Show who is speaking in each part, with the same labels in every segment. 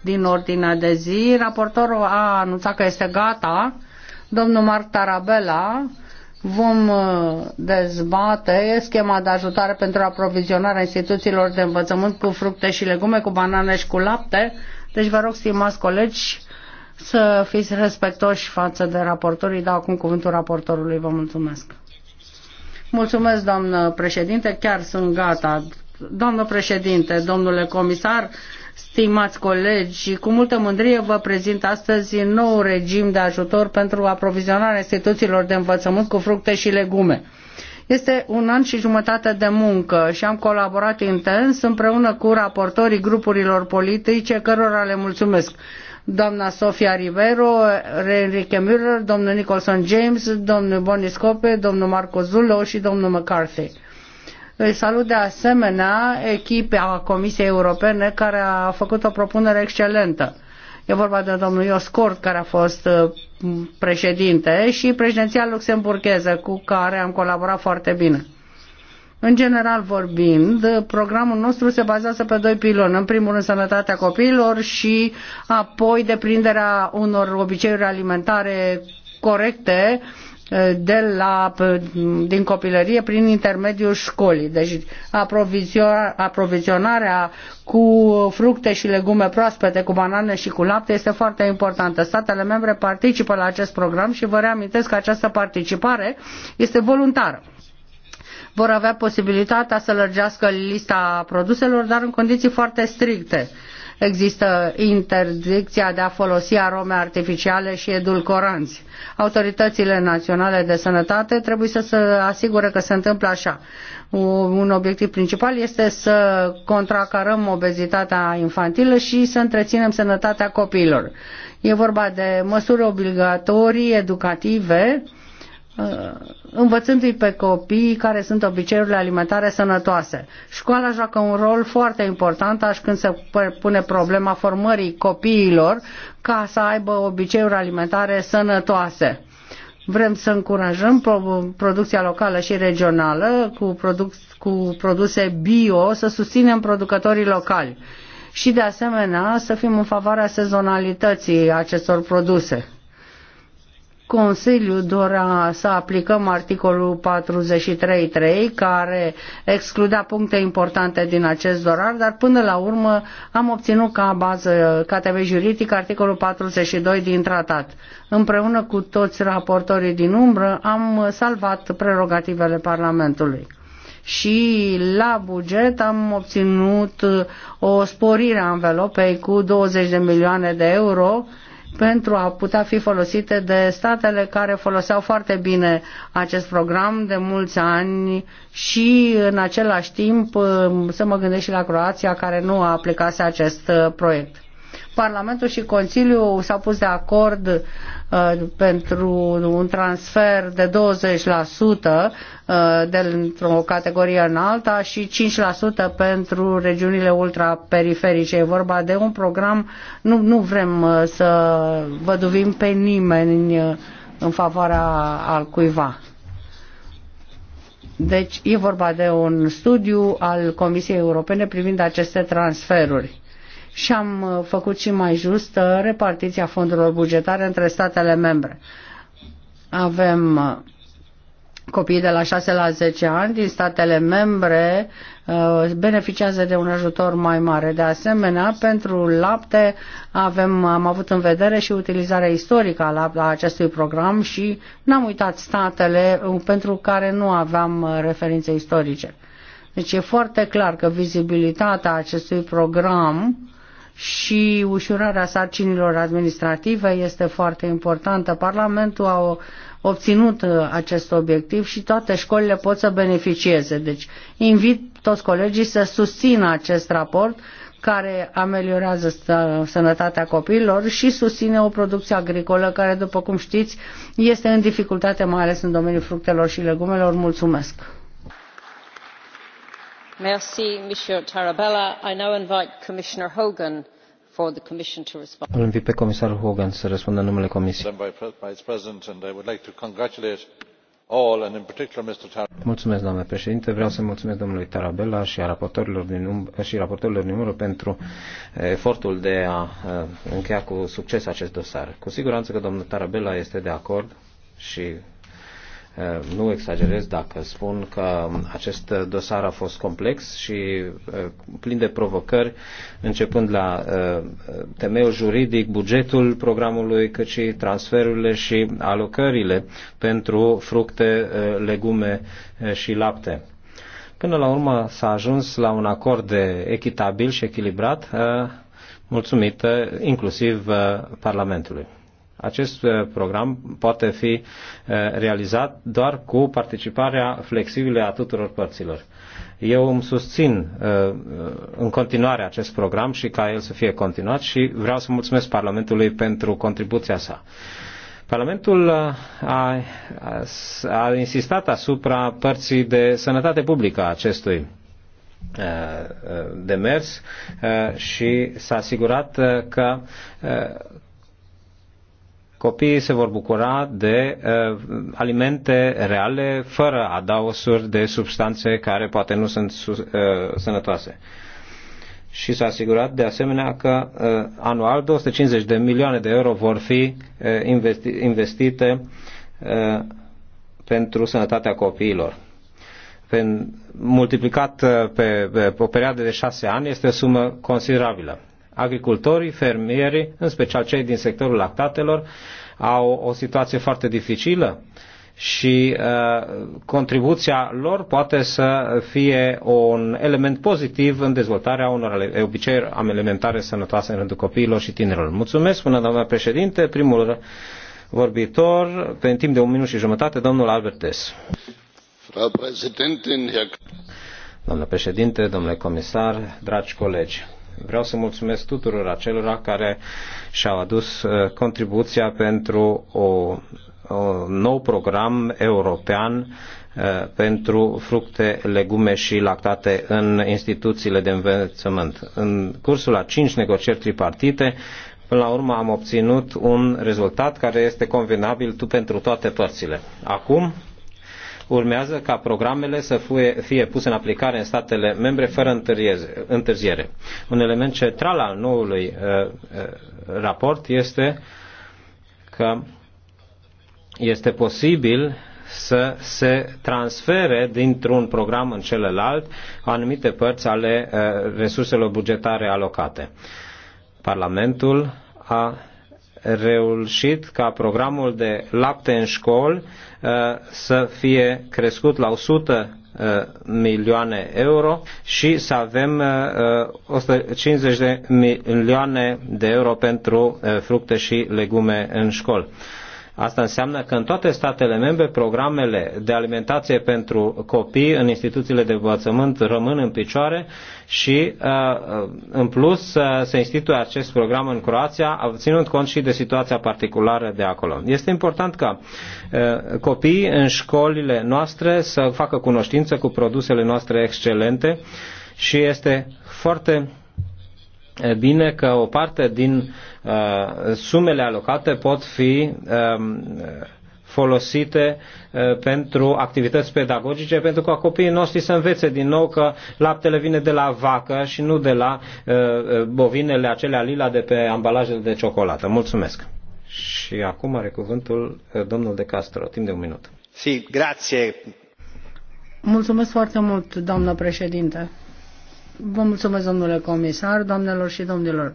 Speaker 1: din ordinea de zi. Raportorul a anunțat că este gata. Domnul Marc Tarabella vom uh, dezbate schema de ajutare pentru aprovizionarea instituțiilor de învățământ cu fructe și legume, cu banane și cu lapte. Deci vă rog, stimați colegi, să fiți respectoși față de raportorii. Dau acum cuvântul raportorului. Vă mulțumesc. Mulțumesc, doamnă președinte. Chiar sunt gata. Doamnă președinte, domnule comisar, Stimați colegi, cu multă mândrie vă prezint astăzi nou regim de ajutor pentru aprovizionarea instituțiilor de învățământ cu fructe și legume. Este un an și jumătate de muncă și am colaborat intens împreună cu raportorii grupurilor politice, cărora le mulțumesc. Doamna Sofia Rivero, Enrique Müller, domnul Nicholson James, domnul Boniscope, domnul Marco Zullo și domnul McCarthy îi salut de asemenea echipa Comisiei Europene care a făcut o propunere excelentă. E vorba de domnul Ioscort, care a fost uh, președinte, și președinția luxemburgheză, cu care am colaborat foarte bine. În general vorbind, programul nostru se bazează pe doi piloni. În primul rând, sănătatea copiilor și apoi deprinderea unor obiceiuri alimentare corecte, uh, de la, din copilărie prin intermediul școlii. Deci aprovizionarea cu fructe și legume proaspete, cu banane și cu lapte este foarte importantă. Statele membre participă la acest program și vă reamintesc că această participare este voluntară vor avea posibilitatea să lărgească lista produselor, dar în condiții foarte stricte. Există interdicția de a folosi arome artificiale și edulcoranți. Autoritățile naționale de sănătate trebuie să se asigure că se întâmplă așa. Un obiectiv principal este să contracarăm obezitatea infantilă și să întreținem sănătatea copiilor. E vorba de măsuri obligatorii, educative, Uh, învățându-i pe copii care sunt obiceiurile alimentare sănătoase. Școala joacă un rol foarte important atunci când se pune problema formării copiilor ca să aibă obiceiuri alimentare sănătoase. Vrem să încurajăm producția locală și regională cu, produc- cu produse bio, să susținem producătorii locali și de asemenea să fim în favoarea sezonalității acestor produse Consiliul dorea să aplicăm articolul 43.3 care excludea puncte importante din acest dorar, dar până la urmă am obținut ca bază, KTV juridic, articolul 42 din tratat. Împreună cu toți raportorii din umbră am salvat prerogativele Parlamentului și la buget am obținut o sporire a învelopei cu 20 de milioane de euro pentru a putea fi folosite de statele care foloseau foarte bine acest program de mulți ani și în același timp să mă gândesc și la Croația care nu a aplicat acest uh, proiect. Parlamentul și Consiliul s-au pus de acord uh, pentru un transfer de 20% uh, dintr-o categorie în alta și 5% pentru regiunile ultraperiferice. E vorba de un program, nu, nu vrem uh, să văduvim pe nimeni uh, în favoarea al cuiva. Deci e vorba de un studiu al Comisiei Europene privind aceste transferuri și am uh, făcut și mai justă uh, repartiția fondurilor bugetare între statele membre. Avem uh, copiii de la 6 la 10 ani din statele membre beneficiază de un ajutor mai mare. De asemenea, pentru lapte avem, am avut în vedere și utilizarea istorică a, a acestui program și n-am uitat statele pentru care nu aveam referințe istorice. Deci e foarte clar că vizibilitatea acestui program și ușurarea sarcinilor administrative este foarte importantă. Parlamentul a obținut uh, acest obiectiv și toate școlile pot să beneficieze. Deci invit toți colegii să susțină acest raport care ameliorează sănătatea copiilor și susține o producție agricolă care, după cum știți, este în dificultate, mai ales în domeniul fructelor și legumelor. Mulțumesc!
Speaker 2: îl invit pe comisarul hogan să răspundă în numele comisiei. Mulțumesc, doamnă președinte. Vreau să mulțumesc domnului Tarabella și, a raportorilor din um- și raportorilor din umbră pentru eh, efortul de a eh, încheia cu succes acest dosar. Cu siguranță că domnul Tarabella este de acord și Uh, nu exagerez dacă spun că acest dosar a fost complex și uh, plin de provocări, începând la uh, temeiul juridic, bugetul programului, cât și transferurile și alocările pentru fructe, legume și lapte. Până la urmă s-a ajuns la un acord de echitabil și echilibrat, mulțumită inclusiv Parlamentului. Acest uh, program poate fi uh, realizat doar cu participarea flexibilă a tuturor părților. Eu îmi susțin uh, în continuare acest program și ca el să fie continuat și vreau să mulțumesc Parlamentului pentru contribuția sa. Parlamentul a, a insistat asupra părții de sănătate publică a acestui demers și s-a asigurat că copiii se vor bucura de uh, alimente reale, fără adaosuri de substanțe care poate nu sunt uh, sănătoase. Și s-a asigurat de asemenea că uh, anual 250 de milioane de euro vor fi uh, investi- investite uh, pentru sănătatea copiilor. Uh, pe, multiplicat pe, pe o perioadă de șase ani este o sumă considerabilă agricultorii, fermierii, în special cei din sectorul lactatelor, au o situație foarte dificilă și uh, contribuția lor poate să fie un element pozitiv în dezvoltarea unor obiceiuri alimentare sănătoase în rândul copiilor și tinerilor. Mulțumesc, până doamna președinte, primul vorbitor, pe timp de un minut și jumătate, domnul Albertes. Domnule președinte, domnule comisar, dragi colegi, Vreau să mulțumesc tuturor acelora care și-au adus uh, contribuția pentru o un nou program european uh, pentru fructe, legume și lactate în instituțiile de învățământ. În cursul a cinci negocieri tripartite, până la urmă am obținut un rezultat care este convenabil pentru toate părțile. Acum urmează ca programele să fie, fie puse în aplicare în statele membre fără întârziere. Un element central al noului uh, uh, raport este că este posibil să se transfere dintr-un program în celălalt anumite părți ale uh, resurselor bugetare alocate. Parlamentul a reușit ca programul de lapte în școli uh, să fie crescut la 100 uh, milioane euro și să avem 150 uh, de milioane de euro pentru fructe și legume în școli. Asta înseamnă că în toate statele membre programele de alimentație pentru copii în instituțiile de învățământ rămân în picioare și uh, uh, în plus uh, se instituie acest program în Croația, ținând cont și de situația particulară de acolo. Este important ca copiii în școlile noastre să facă cunoștință cu produsele noastre excelente și este foarte bine că o parte din uh, sumele alocate pot fi um, folosite uh, pentru activități pedagogice, pentru ca copiii noștri să învețe din nou că laptele vine de la vacă și nu de la uh, uh, bovinele acelea lila de pe ambalajele de ciocolată. Mulțumesc! Și acum are cuvântul domnul De Castro, timp de un minut. Si, grație!
Speaker 1: Mulțumesc foarte mult, doamnă președinte! Vă mulțumesc, domnule comisar, doamnelor și domnilor.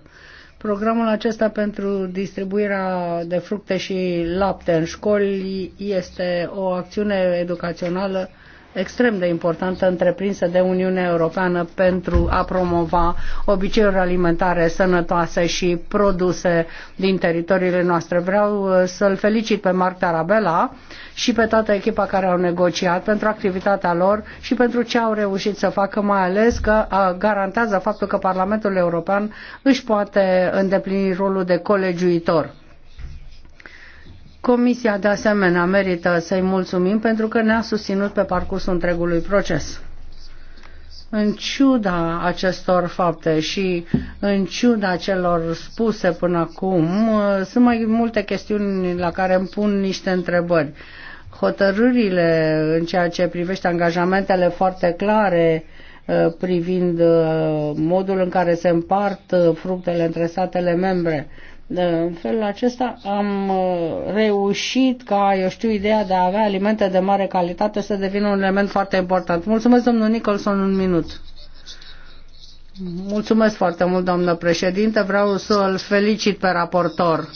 Speaker 1: Programul acesta pentru distribuirea de fructe și lapte în școli este o acțiune educațională extrem de importantă întreprinsă de Uniunea Europeană pentru a promova obiceiuri alimentare sănătoase și produse din teritoriile noastre. Vreau uh, să-l felicit pe Marc Tarabella și pe toată echipa care au negociat pentru activitatea lor și pentru ce au reușit să facă, mai ales că garantează faptul că Parlamentul European își poate îndeplini rolul de colegiuitor Comisia, de asemenea, merită să-i mulțumim pentru că ne-a susținut pe parcursul întregului proces. În ciuda acestor fapte și în ciuda celor spuse până acum, sunt mai multe chestiuni la care îmi pun niște întrebări. Hotărârile în ceea ce privește angajamentele foarte clare uh, privind uh, modul în care se împart uh, fructele între statele membre, în felul acesta am uh, reușit ca, eu știu, ideea de a avea alimente de mare calitate să devină un element foarte important. Mulțumesc, domnul Nicholson, un minut. Mulțumesc foarte mult, doamnă președinte. Vreau să l felicit pe raportor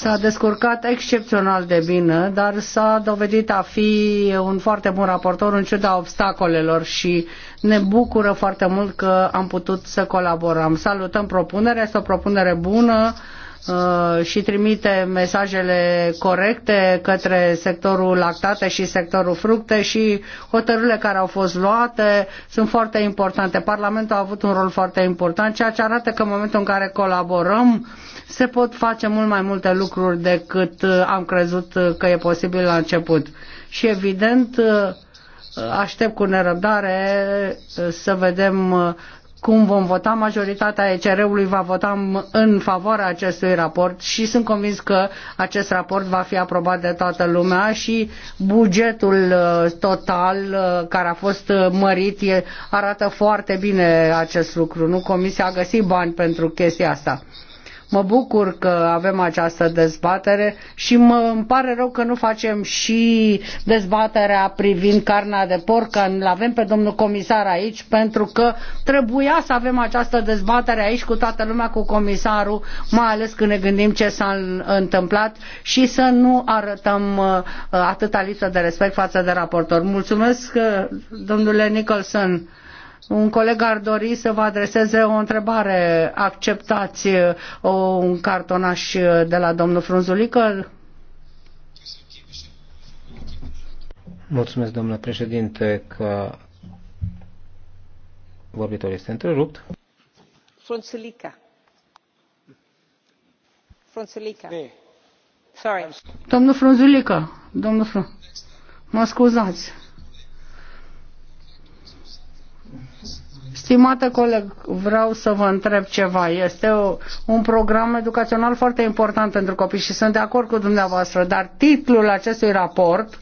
Speaker 1: s-a descurcat excepțional de bine, dar s-a dovedit a fi un foarte bun raportor în ciuda obstacolelor și ne bucură foarte mult că am putut să colaborăm. Salutăm propunerea, este o propunere bună uh, și trimite mesajele corecte către sectorul lactate și sectorul fructe și hotărârile care au fost luate sunt foarte importante. Parlamentul a avut un rol foarte important, ceea ce arată că în momentul în care colaborăm se pot face mult mai multe lucruri decât uh, am crezut uh, că e posibil la început. Și evident uh, aștept cu nerăbdare să vedem cum vom vota, majoritatea ECR-ului va vota în favoarea acestui raport și sunt convins că acest raport va fi aprobat de toată lumea și bugetul total care a fost mărit arată foarte bine acest lucru. Nu Comisia a găsit bani pentru chestia asta. Mă bucur că avem această dezbatere și mă îmi pare rău că nu facem și dezbaterea privind carnea de porc, că îl avem pe domnul comisar aici, pentru că trebuia să avem această dezbatere aici cu toată lumea, cu comisarul, mai ales când ne gândim ce s-a întâmplat și să nu arătăm uh, atâta lipsă de respect față de raportor. Mulțumesc, uh, domnule Nicholson. Un coleg ar dori să vă adreseze o întrebare. Acceptați o, uh, un cartonaș de la domnul Frunzulică?
Speaker 2: Mulțumesc, domnule președinte, că vorbitorul este întrerupt. Frunzulică.
Speaker 1: Frunzulică. Sorry.
Speaker 2: Domnul Frunzulică,
Speaker 1: domnul Frun... Mă scuzați. Stimată coleg, vreau să vă întreb ceva. Este o, un program educațional foarte important pentru copii și sunt de acord cu dumneavoastră, dar titlul acestui raport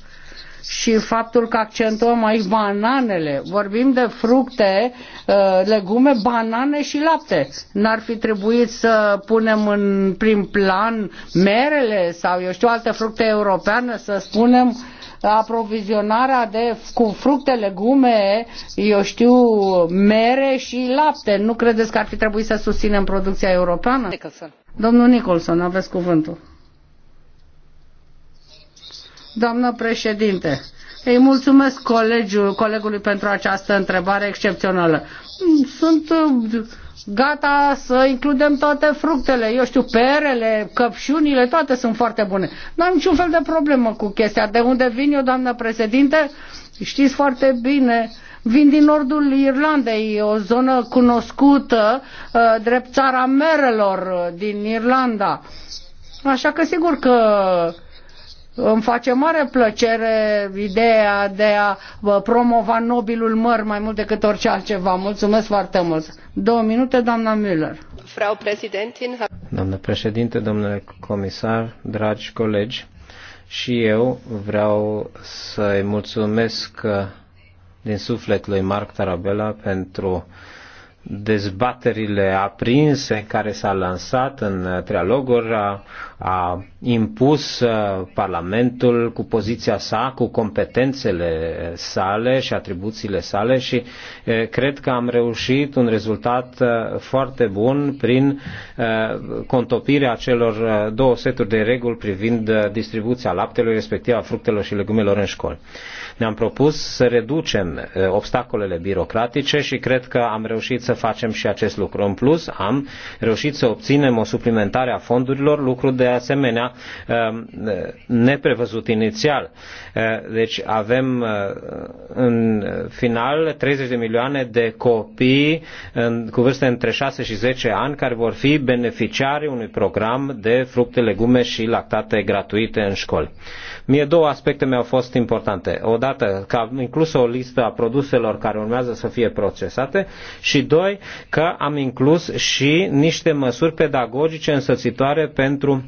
Speaker 1: și faptul că accentuăm aici bananele, vorbim de fructe, uh, legume, banane și lapte. N-ar fi trebuit să punem în prim plan merele sau, eu știu, alte fructe europeane, să spunem aprovizionarea de, cu fructe, legume, eu știu, mere și lapte. Nu credeți că ar fi trebuit să susținem producția europeană? Nicholson. Domnul Nicholson, aveți cuvântul. Doamnă președinte, îi mulțumesc colegiul, colegului pentru această întrebare excepțională. Sunt gata să includem toate fructele, eu știu, perele, căpșunile, toate sunt foarte bune. Nu am niciun fel de problemă cu chestia. De unde vin eu, doamnă președinte, știți foarte bine, vin din nordul Irlandei, o zonă cunoscută uh, drept țara merelor uh, din Irlanda. Așa că sigur că îmi face mare plăcere ideea de a uh, promova nobilul măr mai mult decât orice altceva. Mulțumesc foarte mult! Două minute, doamna Müller. Frau Präsidentin.
Speaker 2: Doamnă președinte, domnule comisar, dragi colegi, și eu vreau să-i mulțumesc din suflet lui Marc Tarabella pentru dezbaterile aprinse care s-a lansat în trialoguri. A a impus uh, Parlamentul cu poziția sa, cu competențele sale și atribuțiile sale și uh, cred că am reușit un rezultat uh, foarte bun prin contopirea celor două seturi de reguli privind distribuția laptelui, respectiv a fructelor și legumelor în școli. Ne-am propus să reducem obstacolele birocratice și cred că am reușit să facem și acest lucru. În plus, am reușit să obținem o suplimentare a fondurilor, lucru de asemenea um, neprevăzut inițial. Uh, deci avem uh, în final 30 de milioane de copii cu vârste între 6 și 10 ani care vor fi beneficiari unui program de fructe, legume și lactate gratuite în școli. Mie două aspecte mi-au fost importante. Odată că am inclus o listă a produselor care urmează să fie procesate și doi că am inclus și niște măsuri pedagogice însățitoare pentru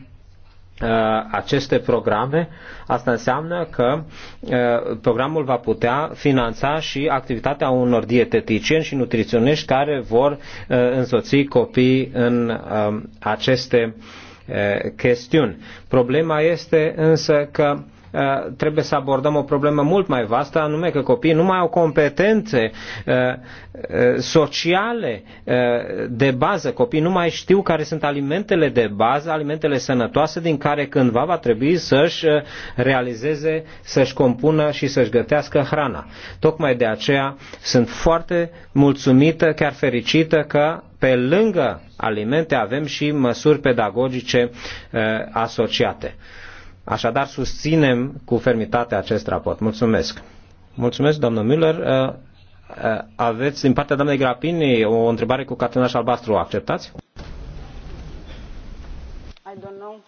Speaker 2: Uh, aceste programe, asta înseamnă că uh, programul va putea finanța și activitatea unor dieteticieni și nutriționiști care vor uh, însoți copii în um, aceste chestiuni. Problema este însă că Eh, trebuie să abordăm o problemă mult mai vastă, anume că copiii nu mai au competențe eh, eh, sociale de bază. Copiii nu mai știu care sunt alimentele de bază, alimentele sănătoase din care cândva va trebui să-și realizeze, să-și compună și să-și gătească hrana. Tocmai de aceea sunt foarte mulțumită, chiar fericită că pe lângă alimente avem și măsuri pedagogice uh, asociate. Așadar, susținem cu fermitate acest raport. Mulțumesc. Mulțumesc, domnul Müller. Uh, uh, aveți din partea doamnei Grapini o întrebare cu catenaș albastru. O acceptați?
Speaker 1: I don't know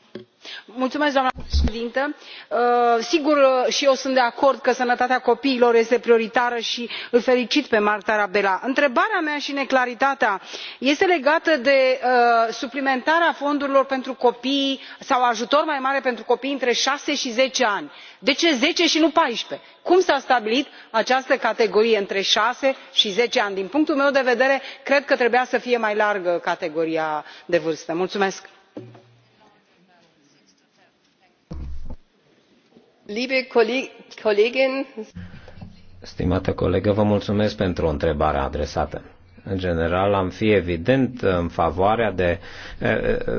Speaker 1: doamnă președintă uh, sigur uh, și eu sunt de acord că sănătatea copiilor este prioritară și îl felicit pe marc tarabella. întrebarea mea și neclaritatea este legată de uh, suplimentarea fondurilor pentru copii sau ajutor mai mare pentru copii între șase și zece ani. de ce zece și nu? paisprezece cum s a stabilit această categorie între șase și zece ani? din punctul meu de vedere cred că trebuia să fie mai largă categoria de vârstă. mulțumesc. Liebe Kollegin,
Speaker 2: Stimată colegă, vă mulțumesc pentru întrebarea adresată. În general, am fi evident în favoarea, de,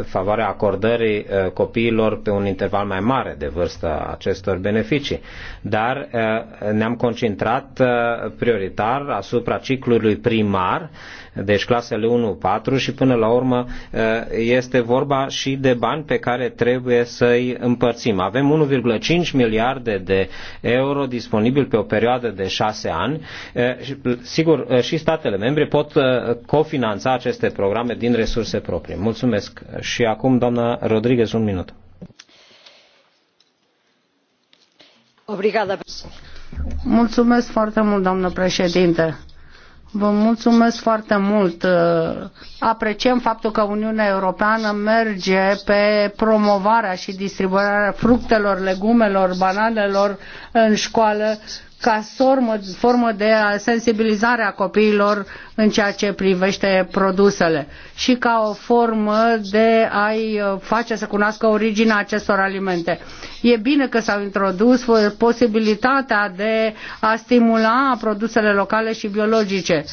Speaker 2: favoarea acordării copiilor pe un interval mai mare de vârstă acestor beneficii, dar ne-am concentrat prioritar asupra ciclului primar deci clasele 1-4 și până la urmă eh, este vorba și de bani pe care trebuie să-i împărțim. Avem 1,5 miliarde de euro disponibil pe o perioadă de 6 ani. Eh, sigur, eh, și statele membre pot cofinanța aceste programe din resurse proprii. Mulțumesc. Și acum, doamna Rodriguez, un minut.
Speaker 1: Mulțumesc foarte mult, doamnă președinte Vă mulțumesc foarte mult. Apreciem faptul că Uniunea Europeană merge pe promovarea și distribuirea fructelor, legumelor, bananelor în școală ca formă, formă de sensibilizare a copiilor în ceea ce privește produsele și ca o formă de a-i uh, face să cunoască originea acestor alimente. E bine că s-au introdus posibilitatea de a stimula produsele locale și biologice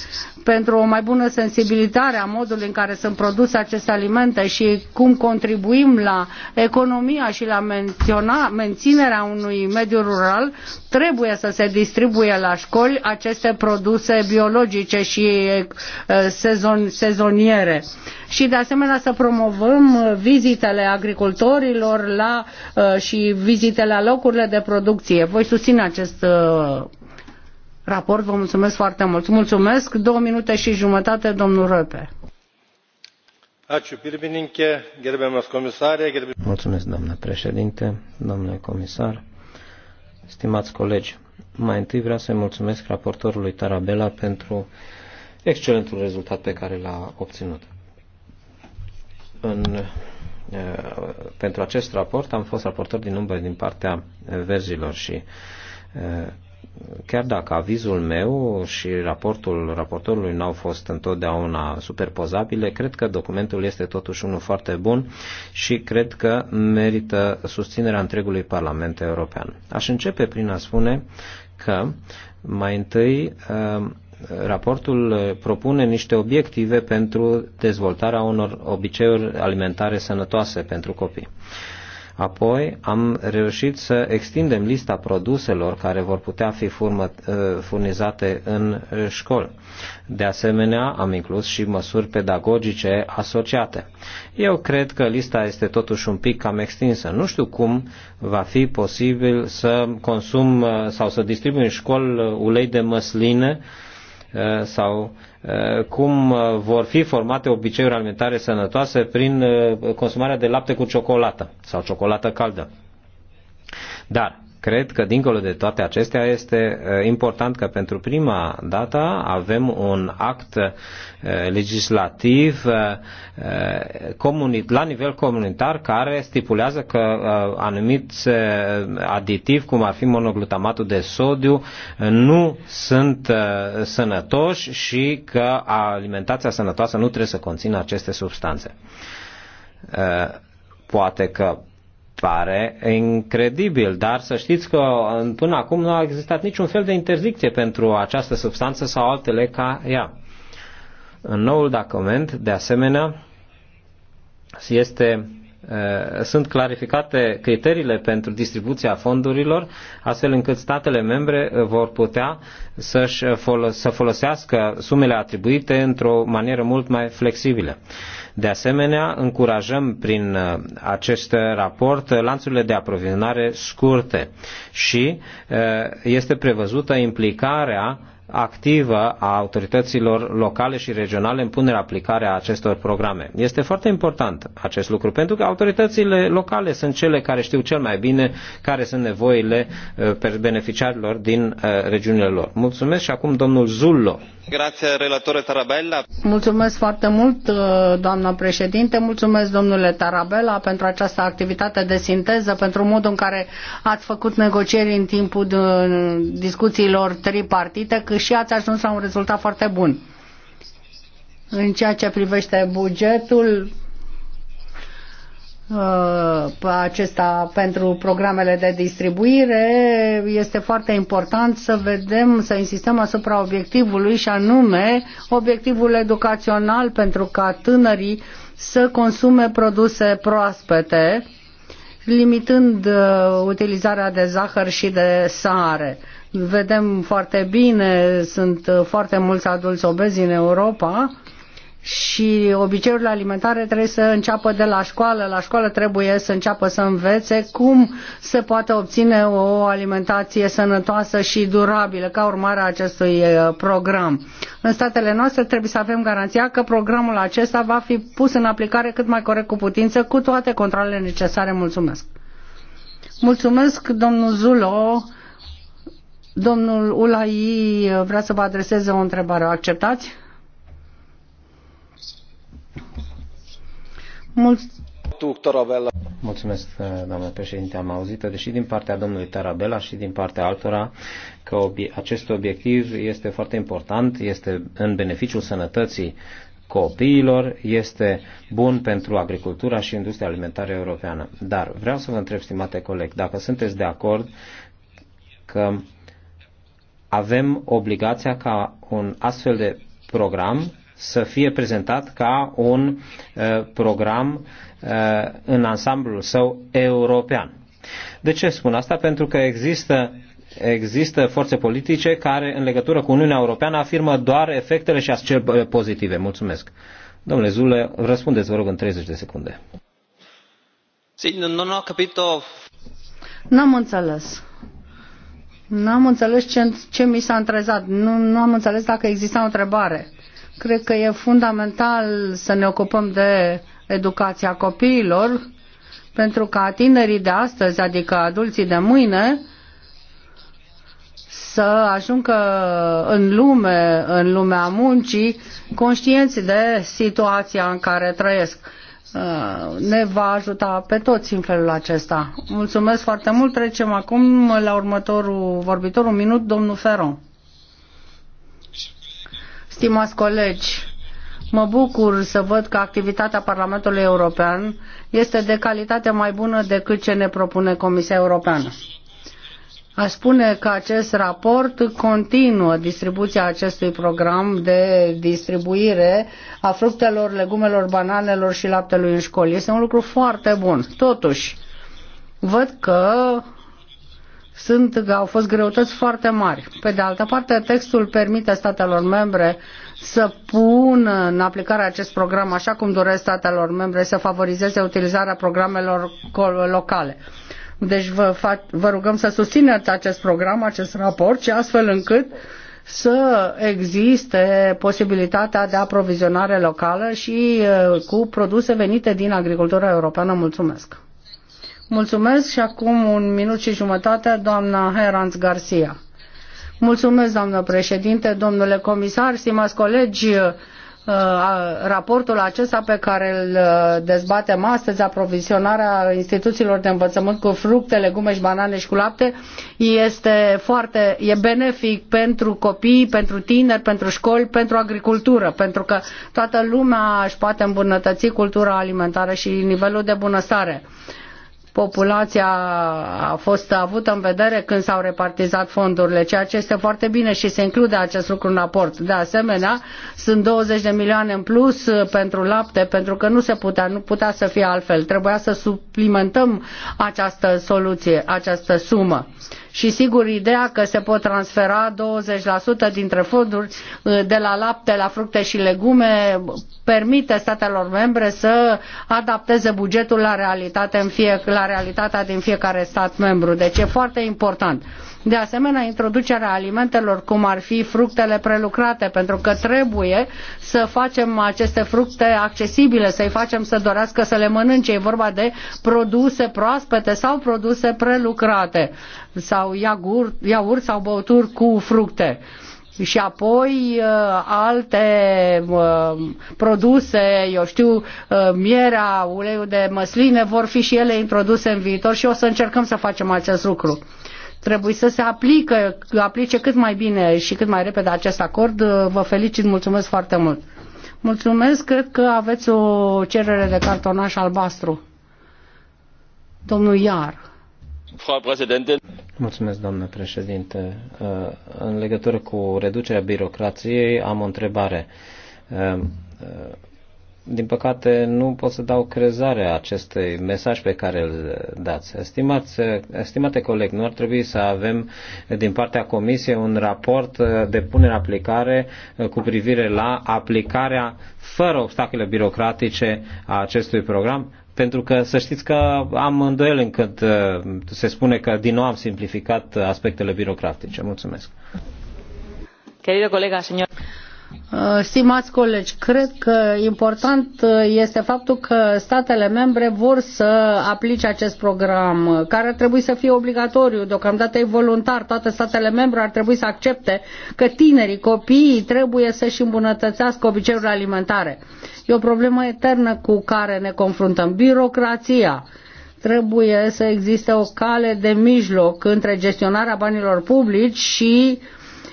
Speaker 1: pentru o mai bună sensibilizare a modului în care sunt produse aceste alimente și cum contribuim la economia și la menționa, menținerea unui mediu rural, trebuie să se distribuie la școli aceste produse biologice și eh, sezon, sezoniere. Și de asemenea să promovăm vizitele agricultorilor la, eh, și vizitele la locurile de producție. Voi susține acest eh, raport. Vă mulțumesc foarte mult. Mulțumesc. Două minute și jumătate, domnul Răpe.
Speaker 2: Mulțumesc, doamnă președinte, domnule comisar, stimați colegi. Mai întâi vreau să-i mulțumesc raportorului Tarabella pentru excelentul rezultat pe care l-a obținut. În, pentru acest raport am fost raportor din umbră din partea verzilor și chiar dacă avizul meu și raportul raportorului n-au fost întotdeauna superpozabile, cred că documentul este totuși unul foarte bun și cred că merită susținerea întregului Parlament European. Aș începe prin a spune că mai întâi uh, raportul propune niște obiective pentru dezvoltarea unor obiceiuri alimentare sănătoase pentru copii. Apoi am reușit să extindem lista produselor care vor putea fi uh, furnizate în uh, școli. De asemenea, am inclus și măsuri pedagogice asociate. Eu cred că lista este totuși un pic cam extinsă. Nu știu cum va fi posibil să consum uh, sau să distribui în școli ulei de măsline Eh, sau eh, cum eh, vor fi formate obiceiuri alimentare sănătoase prin consumarea de lapte cu ciocolată sau ciocolată caldă. Dar Cred că, dincolo de toate acestea, este important că pentru prima dată avem un act legislativ la nivel comunitar care stipulează că anumiți aditivi, cum ar fi monoglutamatul de sodiu, nu sunt sănătoși și că alimentația sănătoasă nu trebuie să conțină aceste substanțe poate că pare incredibil, dar să știți că până acum nu a existat niciun fel de interdicție pentru această substanță sau altele ca ea. În noul document, de asemenea, este, eh, sunt clarificate criteriile pentru distribuția fondurilor, astfel încât statele membre vor putea să să folosească sumele atribuite într-o manieră mult mai flexibilă. De asemenea, încurajăm prin uh, acest raport uh, lanțurile de aprovizionare scurte și uh, este prevăzută implicarea activă a autorităților locale și regionale în punerea aplicare a acestor programe. Este foarte important acest lucru, pentru că autoritățile locale sunt cele care știu cel mai bine care sunt nevoile uh, beneficiarilor din uh, regiunile lor. Mulțumesc și acum domnul Zullo. Grazie, relatore Tarabella.
Speaker 1: Mulțumesc foarte mult, uh, doamna președinte. Mulțumesc, domnule Tarabella, pentru această activitate de sinteză, pentru modul în care ați făcut negocieri în timpul discuțiilor tripartite, și ați ajuns la un rezultat foarte bun. În ceea ce privește bugetul, uh, acesta pentru programele de distribuire, este foarte important să vedem, să insistăm asupra obiectivului și anume obiectivul educațional pentru ca tânării să consume produse proaspete, limitând uh, utilizarea de zahăr și de sare. Vedem foarte bine, sunt uh, foarte mulți adulți obezi în Europa și obiceiurile alimentare trebuie să înceapă de la școală. La școală trebuie să înceapă să învețe cum se poate obține o alimentație sănătoasă și durabilă ca urmare a acestui uh, program. În statele noastre trebuie să avem garanția că programul acesta va fi pus în aplicare cât mai corect cu putință, cu toate controlele necesare. Mulțumesc! Mulțumesc, domnul Zulo! Domnul Ulai vrea să vă adreseze o întrebare. O acceptați?
Speaker 3: Mulțumesc.
Speaker 2: Mulțumesc, doamnă președinte. Am auzit, deși din partea domnului Tarabella și din partea altora, că obie- acest obiectiv este foarte important, este în beneficiul sănătății copiilor, este bun pentru agricultura și industria alimentară europeană. Dar vreau să vă întreb, stimate coleg, dacă sunteți de acord că avem obligația ca un astfel de program să fie prezentat ca un uh, program uh, în ansamblul său european. De ce spun asta? Pentru că există există forțe politice care în legătură cu Uniunea Europeană afirmă doar efectele și aspectele pozitive. Mulțumesc. Domnule Zule, răspundeți, vă rog, în 30 de secunde. nu, nu capito.
Speaker 1: N-am înțeles. Nu am înțeles ce, ce mi s-a întrezat. Nu, nu am înțeles dacă exista o
Speaker 2: întrebare.
Speaker 1: Cred că e fundamental să ne ocupăm de educația copiilor, pentru ca tinerii de astăzi, adică adulții de mâine, să ajungă în lume, în lumea muncii, conștienți de situația în care trăiesc. Uh, ne va ajuta pe toți în felul acesta. Mulțumesc foarte mult. Trecem acum la următorul vorbitor, un minut, domnul Ferro. Stimați colegi, mă bucur să văd că activitatea Parlamentului European este de calitate mai bună decât ce ne propune Comisia Europeană a spune că acest raport continuă distribuția acestui program de distribuire a fructelor, legumelor, bananelor și laptelui în școli. Este un lucru foarte bun. Totuși, văd că sunt, au fost greutăți foarte mari. Pe de altă parte, textul permite statelor membre să pună în aplicare acest program așa cum doresc statelor membre, să favorizeze utilizarea programelor locale deci vă, fac, vă rugăm să susțineți acest program, acest raport și astfel încât să existe posibilitatea de aprovizionare locală și cu produse venite din agricultura europeană. Mulțumesc! Mulțumesc și acum un minut și jumătate, doamna Heranz Garcia. Mulțumesc, doamnă președinte, domnule comisar, stimați colegi, Uh, raportul acesta pe care îl uh, dezbatem astăzi, aprovizionarea instituțiilor de învățământ cu fructe, legume și banane și cu lapte, este foarte, e benefic pentru copii, pentru tineri, pentru școli, pentru agricultură, pentru că toată lumea își poate îmbunătăți cultura alimentară și nivelul de bunăstare. Uh, populația a fost avută în vedere când s-au repartizat fondurile, ceea ce este foarte bine și se include acest lucru în aport. De asemenea, sunt 20 de milioane în plus pentru lapte, pentru că nu se putea, nu putea să fie altfel. Trebuia să suplimentăm această soluție, această sumă. Și sigur, ideea că se pot transfera 20% dintre fonduri uh, de la lapte la fructe și legume permite statelor membre să adapteze bugetul la, realitate în fie, la realitatea din fiecare stat membru. Deci e foarte important. De asemenea, introducerea alimentelor cum ar fi fructele prelucrate, pentru că trebuie să facem aceste fructe accesibile, să-i facem să dorească să le mănânce. E vorba de produse proaspete sau produse prelucrate sau iaurt, iaurt sau băuturi cu fructe și apoi uh, alte uh, produse, eu știu, uh, mierea, uleiul de măsline vor fi și ele introduse în viitor și o să încercăm să facem acest lucru. Trebuie să se aplică, aplice cât mai bine și cât mai repede acest acord. Vă felicit, mulțumesc foarte mult. Mulțumesc, cred că aveți o cerere de cartonaș albastru. Domnul Iar.
Speaker 2: Mulțumesc, doamnă președinte. În legătură cu reducerea birocrației, am o întrebare din păcate, nu pot să dau crezare acestui mesaj pe care îl dați. Estimați, estimate coleg, nu ar trebui să avem din partea Comisiei un raport de punere aplicare cu privire la aplicarea fără obstacole birocratice a acestui program? Pentru că să știți că am îndoiel încât uh, se spune că din nou am simplificat aspectele birocratice. Mulțumesc.
Speaker 3: Querido colega, señor. Uh,
Speaker 1: stimați colegi, cred că important uh, este faptul că statele membre vor să aplice acest program, uh, care ar trebui să fie obligatoriu, deocamdată e voluntar, toate statele membre ar trebui să accepte că tinerii, copiii trebuie să-și îmbunătățească obiceiurile alimentare. E o problemă eternă cu care ne confruntăm, birocrația trebuie să existe o cale de mijloc între gestionarea banilor publici și uh,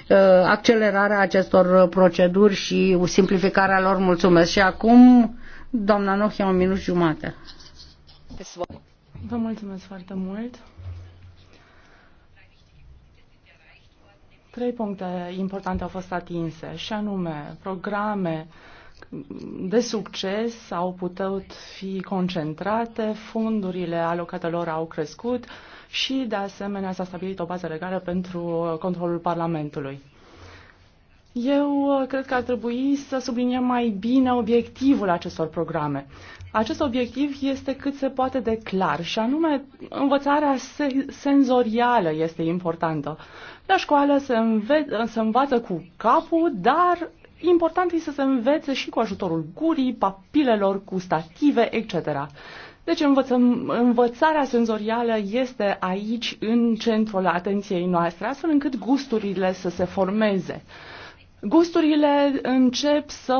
Speaker 1: Uh, accelerarea acestor proceduri și simplificarea lor. Mulțumesc. Și acum, doamna Nohia, un minut jumate.
Speaker 3: Vă mulțumesc foarte mult. Trei puncte importante au fost atinse, și anume programe uh, de succes au putut fi concentrate, fondurile alocate lor au crescut și, de asemenea, s-a stabilit o bază legală pentru controlul Parlamentului. Eu cred că ar trebui să subliniem mai bine obiectivul acestor programe. Acest obiectiv este cât se poate de clar și anume învățarea se- senzorială este importantă. La școală se, înve- se învață cu capul, dar important este să se învețe și cu ajutorul gurii, papilelor, gustative, etc. Deci învățăm, învățarea senzorială este aici în centrul atenției noastre, astfel încât gusturile să se formeze. Gusturile încep să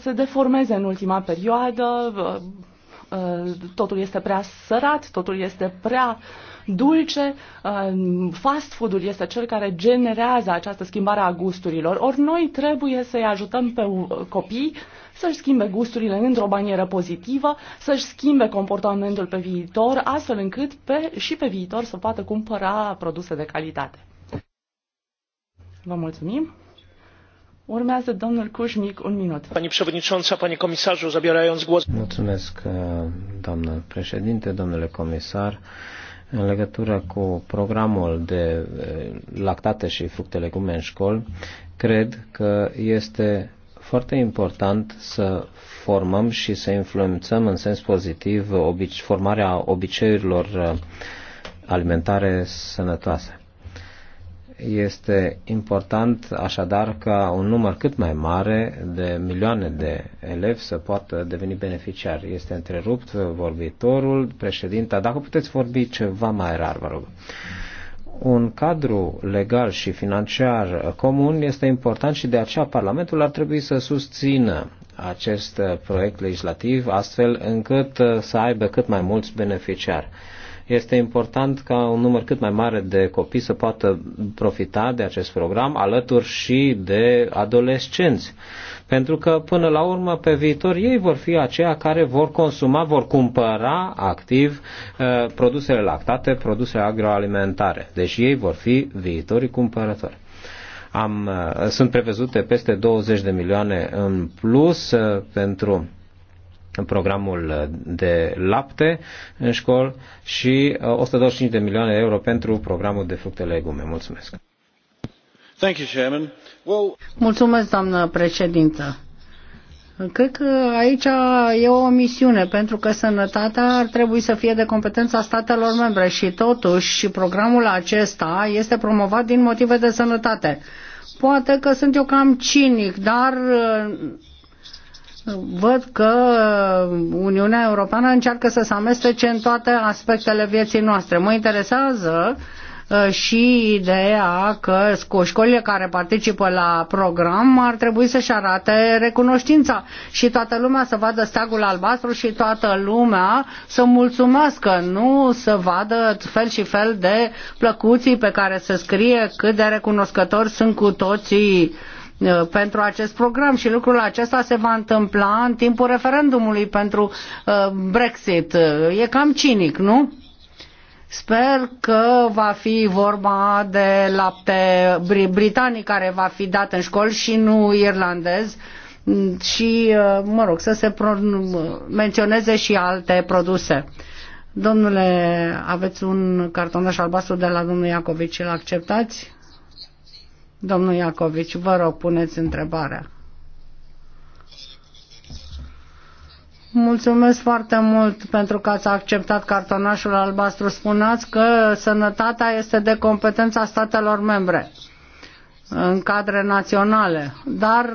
Speaker 3: se deformeze în ultima perioadă, uh, uh, totul este prea sărat, totul este prea uh, dulce, uh, fast food-ul este cel care generează această schimbare a gusturilor. Ori noi trebuie să-i ajutăm pe uh, copii să-și schimbe gusturile într-o manieră pozitivă, să-și schimbe comportamentul pe viitor, astfel încât pe, și pe viitor să poată cumpăra produse de calitate. Vă mulțumim. Urmează domnul Cușmic, un minut. Pani președinte, pani comisarul, zabierając głos.
Speaker 2: Mulțumesc, uh, doamnă președinte, domnule comisar în legătură cu programul de eh, lactate și fructe legume în școli, cred că este foarte important să formăm și să influențăm în sens pozitiv obici, formarea obiceiurilor eh, alimentare sănătoase. Este important așadar ca un număr cât mai mare de milioane de elevi să poată deveni beneficiari. Este întrerupt vorbitorul, președinta. Dacă puteți vorbi ceva mai rar, vă rog un cadru legal și financiar comun este important și de aceea Parlamentul ar trebui să susțină acest proiect legislativ astfel încât să aibă cât mai mulți beneficiari. Este important ca un număr cât mai mare de copii să poată profita de acest program, alături și de adolescenți. Pentru că, până la urmă, pe viitor, ei vor fi aceia care vor consuma, vor cumpăra activ uh, produsele lactate, produsele agroalimentare. Deci ei vor fi viitorii cumpărători. Am, uh, sunt prevăzute peste 20 de milioane în plus uh, pentru programul de lapte în școli și 125 uh, de milioane de euro pentru programul de fructe legume. Mulțumesc!
Speaker 1: Mulțumesc, doamnă președintă. Cred că aici e o misiune, pentru că sănătatea ar trebui să fie de competența statelor membre și totuși programul acesta este promovat din motive de sănătate. Poate că sunt eu cam cinic, dar văd că Uniunea Europeană încearcă să se amestece în toate aspectele vieții noastre. Mă interesează uh, și ideea că școlile care participă la program ar trebui să-și arate recunoștința și toată lumea să vadă steagul albastru și toată lumea să mulțumească, nu să vadă fel și fel de plăcuții pe care se scrie cât de recunoscători sunt cu toții uh, Uh, pentru acest program și lucrul acesta se va întâmpla în timpul referendumului pentru uh, Brexit. Uh, e cam cinic, nu? Sper că va fi vorba de lapte britanic care va fi dat în școli și nu irlandez și, mă rog, să se menționeze și alte produse. Domnule, aveți un cartonaș albastru de la domnul Iacovici, îl acceptați? Domnul Iacovici, vă rog, puneți întrebarea. Mulțumesc foarte mult pentru că ați acceptat cartonașul albastru. Spuneați că sănătatea este de competența statelor membre în cadre naționale. Dar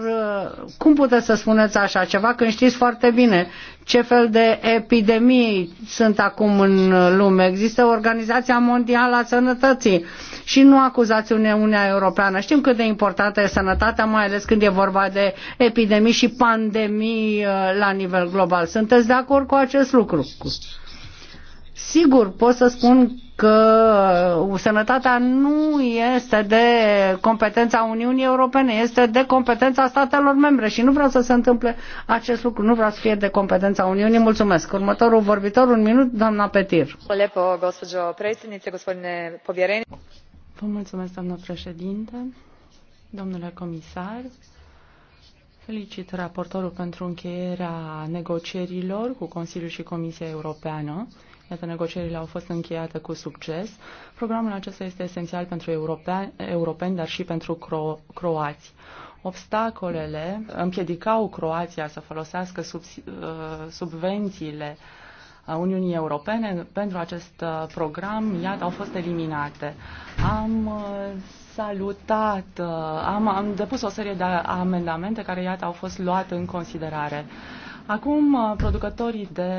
Speaker 1: uh, cum puteți să spuneți așa ceva când știți foarte bine ce fel de epidemii sunt acum în lume? Există Organizația Mondială a Sănătății și nu acuzați Uniunea Europeană. Știm cât de importantă e sănătatea, mai ales când e vorba de epidemii și pandemii uh, la nivel global. Sunteți de acord cu acest lucru? Sigur, pot să spun că sănătatea nu este de competența Uniunii Europene, este de competența statelor membre și nu vreau să se întâmple acest lucru, nu vreau să fie de competența Uniunii. Mulțumesc. Următorul vorbitor, un
Speaker 3: minut, doamna Petir. Vă mulțumesc, doamnă președinte, domnule comisar. Felicit raportorul pentru încheierea negocierilor cu Consiliul și Comisia Europeană. Iată, negocierile au fost încheiate cu succes. Programul acesta este esențial pentru europeni, europeni dar și pentru cro- croați. Obstacolele împiedicau Croația să folosească sub, uh, subvențiile a Uniunii Europene pentru acest uh, program, iată, au fost eliminate. Am uh, salutat, am, am depus o serie de amendamente care, iată, au fost luate în considerare. Acum uh, producătorii de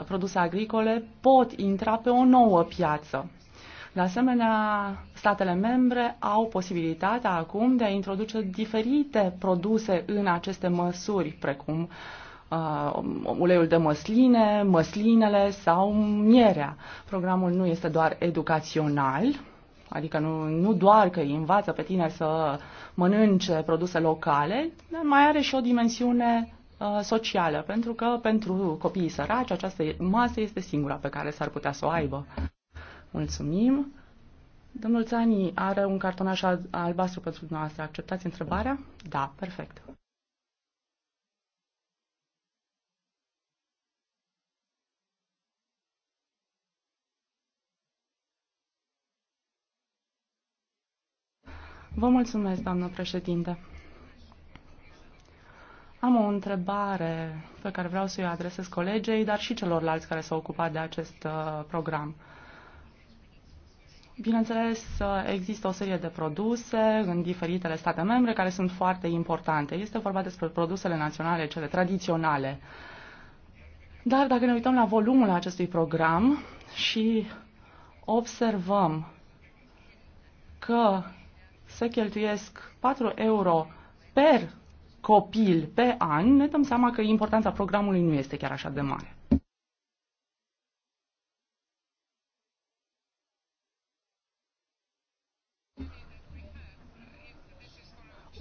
Speaker 3: uh, produse agricole pot intra pe o nouă piață. De asemenea, statele membre au posibilitatea acum de a introduce diferite produse în aceste măsuri, precum uh, uleiul de măsline, măslinele sau mierea. Programul nu este doar educațional, adică nu, nu doar că îi învață pe tineri să mănânce produse locale, dar mai are și o dimensiune Uh, socială, pentru că pentru copiii săraci această masă este singura pe care s-ar putea să o aibă. Mulțumim. Domnul Țani are un cartonaș albastru pentru dumneavoastră. Acceptați întrebarea? Da, perfect. Vă mulțumesc, doamnă președinte. Am o întrebare pe care vreau să-i adresez colegei, dar și celorlalți care s-au ocupat de acest uh, program. Bineînțeles, uh, există o serie de produse în diferitele state membre care sunt foarte importante. Este vorba despre produsele naționale, cele tradiționale. Dar dacă ne uităm la volumul acestui program și observăm că se cheltuiesc 4 euro per copil pe an, ne dăm seama că importanța programului nu este chiar așa de mare.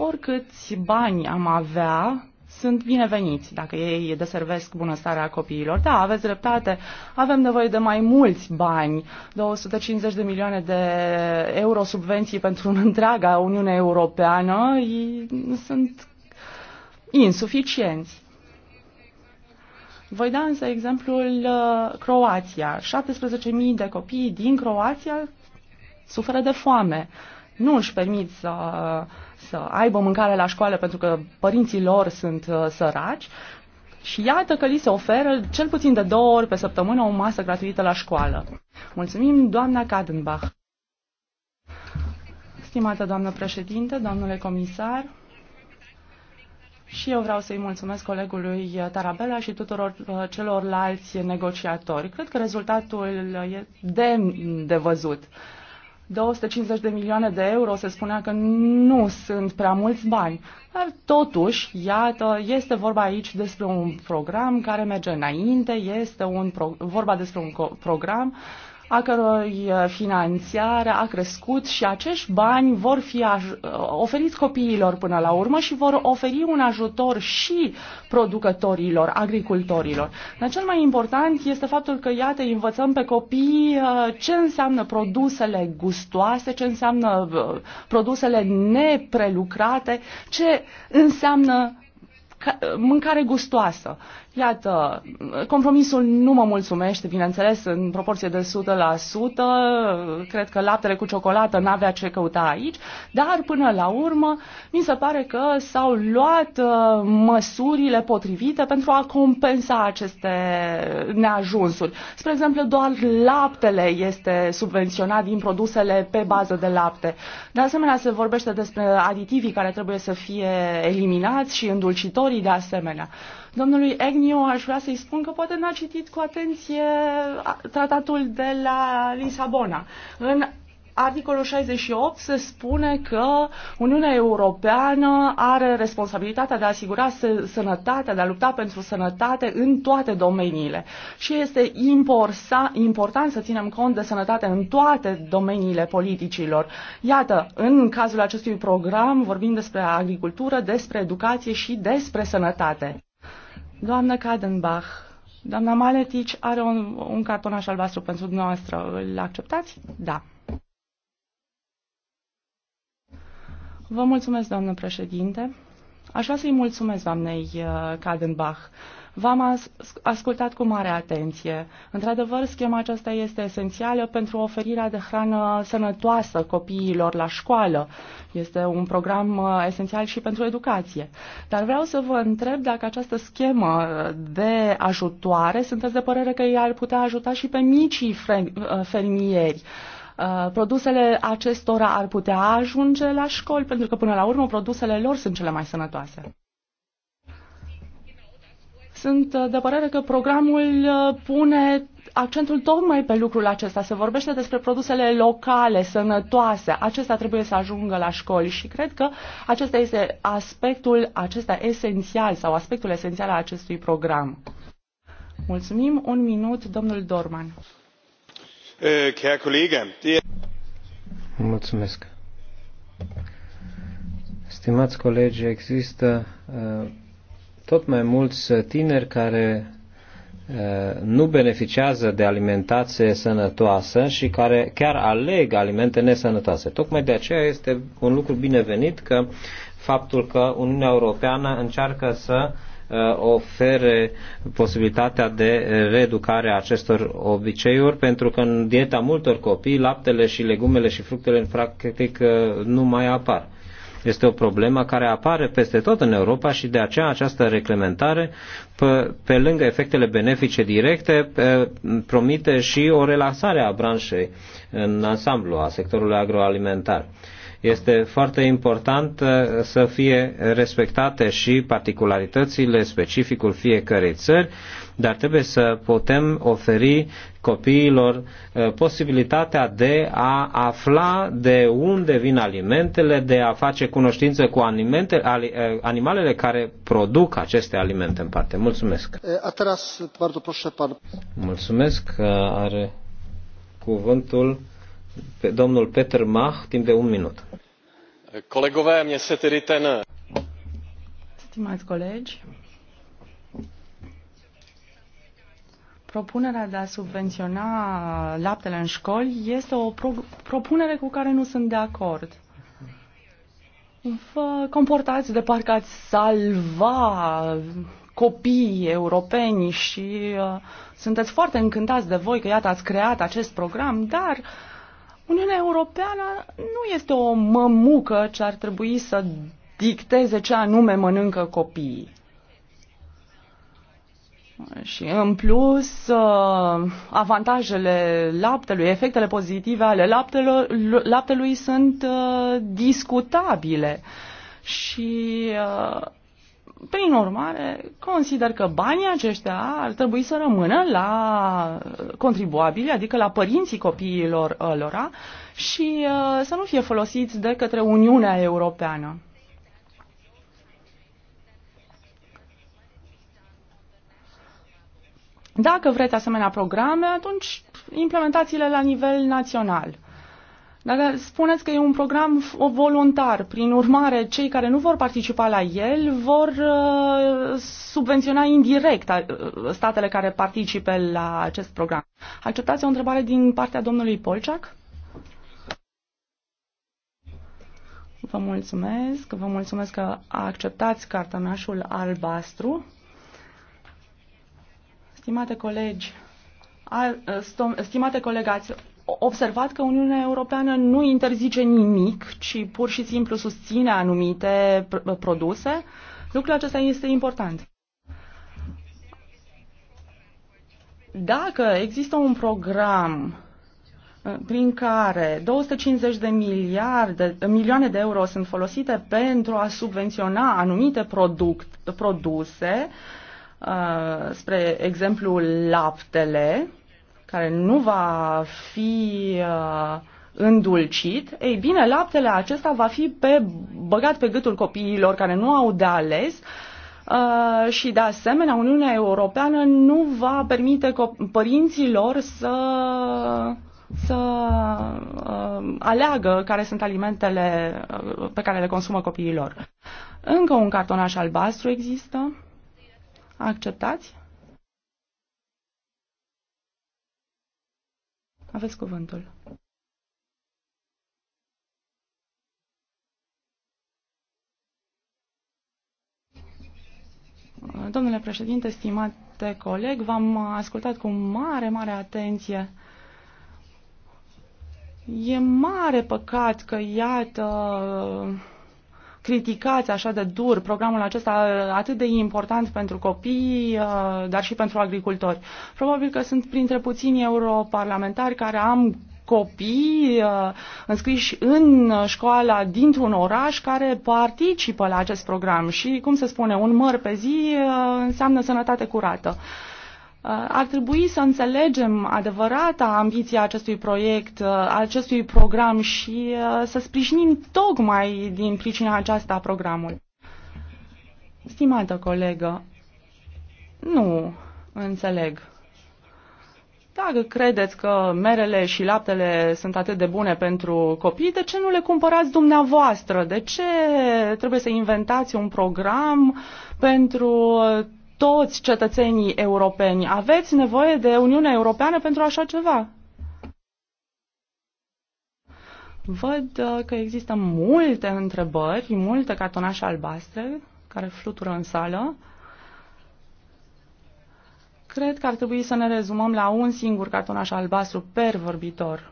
Speaker 3: Oricâți bani am avea, sunt bineveniți dacă ei deservesc bunăstarea copiilor. Da, aveți dreptate, avem nevoie de mai mulți bani, 250 de milioane de euro subvenții pentru întreaga Uniune Europeană sunt insuficienți. Voi da însă exemplul uh, Croația. 17.000 de copii din Croația suferă de foame. Nu își permit să, să aibă mâncare la școală pentru că părinții lor sunt uh, săraci și iată că li se oferă cel puțin de două ori pe săptămână o masă gratuită la școală. Mulțumim, doamna Kadenbach. Stimată doamnă președinte, domnule comisar, și eu vreau să-i mulțumesc colegului Tarabella și tuturor uh, celorlalți negociatori. Cred că rezultatul e demn de văzut. 250 de milioane de euro se spunea că nu sunt prea mulți bani. Dar totuși, iată, este vorba aici despre un program care merge înainte, este un pro- vorba despre un program uh, a căror uh, finanțare a crescut și acești bani vor fi uh, oferiți copiilor până la urmă și vor oferi un ajutor și producătorilor, agricultorilor. Dar cel mai important este faptul că, iată, învățăm pe copii uh, ce înseamnă produsele gustoase, ce înseamnă produsele neprelucrate, ce înseamnă mâncare gustoasă. Iată, compromisul nu mă mulțumește, bineînțeles, în proporție de 100%, cred că laptele cu ciocolată n-avea ce căuta aici, dar până la urmă mi se pare că s-au luat uh, măsurile potrivite pentru a compensa aceste neajunsuri. Spre exemplu, doar laptele este subvenționat din produsele pe bază de lapte. De asemenea, se vorbește despre aditivii care trebuie să fie eliminați și îndulcitorii de asemenea. Domnului Agnew aș vrea să-i spun că poate n-a citit cu atenție tratatul de la Lisabona. În articolul 68 se spune că Uniunea Europeană are responsabilitatea de a asigura sănătatea, de a lupta pentru sănătate în toate domeniile. Și este important să ținem cont de sănătate în toate domeniile politicilor. Iată, în cazul acestui program vorbim despre agricultură, despre educație și despre sănătate. Doamna Kadenbach, doamna Maletici are un, un așa albastru pentru dumneavoastră. Îl acceptați? Da. Vă mulțumesc, doamnă președinte. Aș vrea să-i mulțumesc doamnei uh, Kadenbach. Uh, V-am ascultat cu mare atenție. Într-adevăr, schema aceasta este esențială pentru oferirea de hrană sănătoasă copiilor la școală. Este un program uh, esențial și pentru educație. Dar vreau să vă întreb dacă această schemă de ajutoare, sunteți de părere că ea ar putea ajuta și pe micii uh, fermieri uh, produsele acestora ar putea ajunge la școli, pentru că până la urmă produsele lor sunt cele mai sănătoase. Sunt uh, de părere că programul uh, pune accentul tocmai pe lucrul acesta. Se vorbește despre produsele locale, sănătoase. Acesta trebuie să ajungă la școli și cred că acesta este aspectul acesta esențial sau aspectul esențial al acestui program. Mulțumim. Un minut, domnul Dorman. Eh, er-
Speaker 2: Mulțumesc. Stimați colegi, există uh, tot mai mulți tineri care nu beneficiază de alimentație sănătoasă și care chiar aleg alimente nesănătoase. Tocmai de aceea este un lucru binevenit că faptul că Uniunea Europeană încearcă să ofere posibilitatea de reeducare a acestor obiceiuri, pentru că în dieta multor copii laptele și legumele și fructele în practic nu mai apar. Este o problemă care apare peste tot în Europa și de aceea această reglementare, pe, pe lângă efectele benefice directe, promite și o relaxare a branșei în ansamblu a sectorului agroalimentar este foarte important uh, să fie respectate și particularitățile, specificul fiecărei țări, dar trebuie să putem oferi copiilor uh, posibilitatea de a afla de unde vin alimentele, de a face cunoștință cu alimente, uh, animalele care produc aceste alimente în parte. Mulțumesc! Mulțumesc! Uh, are cuvântul pe domnul Peter Mach timp de un minut. Colegové, mě se tedy ten...
Speaker 3: Stimați colegi, Propunerea de a subvenționa laptele în școli este o pro- propunere cu care nu sunt de acord. Vă comportați de parcă ați salva copiii europeni și uh, sunteți foarte încântați de voi că, iată, ați creat acest program, dar Uniunea Europeană nu este o mămucă ce ar trebui să dicteze ce anume mănâncă copiii. Și în plus, uh, avantajele laptelui, efectele pozitive ale laptelui, laptelui sunt uh, discutabile. Și uh, prin urmare, consider că banii aceștia ar trebui să rămână la contribuabili, adică la părinții copiilor lor și să nu fie folosiți de către Uniunea Europeană. Dacă vreți asemenea programe, atunci implementați-le la nivel național. Dacă spuneți că e un program voluntar, prin urmare, cei care nu vor participa la el vor uh, subvenționa indirect uh, statele care participe la acest program. Acceptați o întrebare din partea domnului Polciac? Vă mulțumesc, vă mulțumesc că acceptați cartonașul albastru. Stimate colegi, ă, stimate colegi, ați observat că Uniunea Europeană nu interzice nimic, ci pur și simplu susține anumite ă, produse. Lucrul acesta este important. Dacă există un program ă, prin care 250 de miliarde, milioane de euro sunt folosite pentru a subvenționa anumite product, produse, uh, spre exemplu, laptele, care nu va fi îndulcit, ei bine, laptele acesta va fi pe, băgat pe gâtul copiilor care nu au de ales Uh, și de asemenea Uniunea Europeană nu va permite părinților să, să uh, aleagă care sunt alimentele pe care le consumă copiilor. Încă un cartonaș albastru există. Acceptați? Aveți cuvântul. Domnule președinte, stimate coleg, v-am ascultat cu mare, mare atenție. E mare păcat că, iată, criticați așa de dur programul acesta atât de important pentru copii, uh, dar și pentru agricultori. Probabil că sunt printre puțini europarlamentari care am copii uh, înscriși în școala dintr-un oraș care participă la acest program și, cum se spune, un măr pe zi uh, înseamnă sănătate curată. Uh, ar trebui să înțelegem adevărata ambiția acestui proiect, uh, acestui program și uh, să sprijinim tocmai din pricina aceasta programul. Stimată colegă, nu înțeleg. Dacă credeți că merele și laptele sunt atât de bune pentru copii, de ce nu le cumpărați dumneavoastră? De ce trebuie să inventați un program pentru toți cetățenii europeni. Aveți nevoie de Uniunea Europeană pentru așa ceva? Văd uh, că există multe întrebări, multe cartonașe albastre care flutură în sală. Cred că ar trebui să ne rezumăm la un singur cartonaș albastru per vorbitor.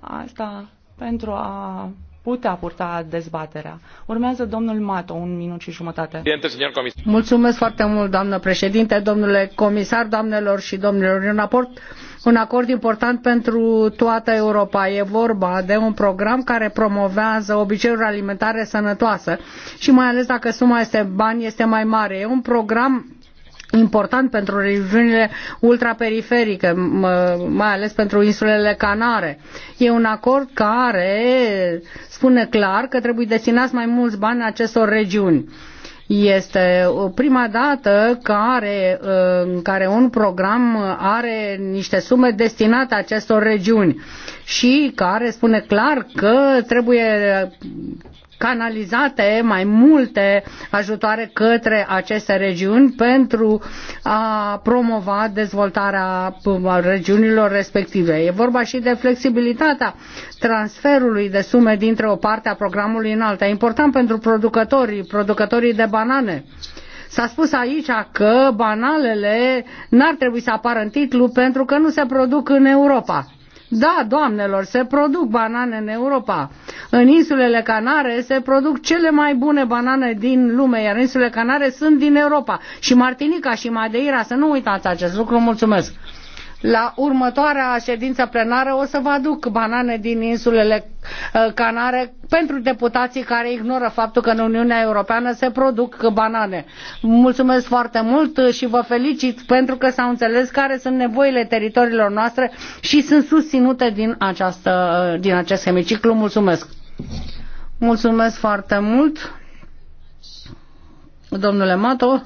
Speaker 3: Asta pentru a putea purta dezbaterea. Urmează domnul Mato, un minut și jumătate.
Speaker 1: Mulțumesc foarte mult, doamnă președinte, domnule comisar, doamnelor și domnilor. Un, aport, un acord important pentru toată Europa. E vorba de un program care promovează obiceiuri alimentare sănătoase și mai ales dacă suma este bani este mai mare. E un program important pentru regiunile ultraperiferice, mai ales pentru insulele Canare. E un acord care spune clar că trebuie destinați mai mulți bani acestor regiuni. Este prima dată care, în ă, care un program are niște sume destinate acestor regiuni și care spune clar că trebuie canalizate mai multe ajutoare către aceste regiuni pentru a promova dezvoltarea regiunilor respective. E vorba și de flexibilitatea transferului de sume dintre o parte a programului în alta. E important pentru producătorii, producătorii de banane. S-a spus aici că banalele n-ar trebui să apară în titlu pentru că nu se produc în Europa. Da, doamnelor, se produc banane în Europa. În insulele Canare se produc cele mai bune banane din lume, iar insulele Canare sunt din Europa. Și Martinica și Madeira, să nu uitați acest lucru, mulțumesc. La următoarea ședință plenară o să vă aduc banane din insulele uh, Canare pentru deputații care ignoră faptul că în Uniunea Europeană se produc banane. Mulțumesc foarte mult și vă felicit pentru că s-au înțeles care sunt nevoile teritoriilor noastre și sunt susținute din, această, uh, din acest hemiciclu. Mulțumesc! Mulțumesc foarte mult, domnule Mato.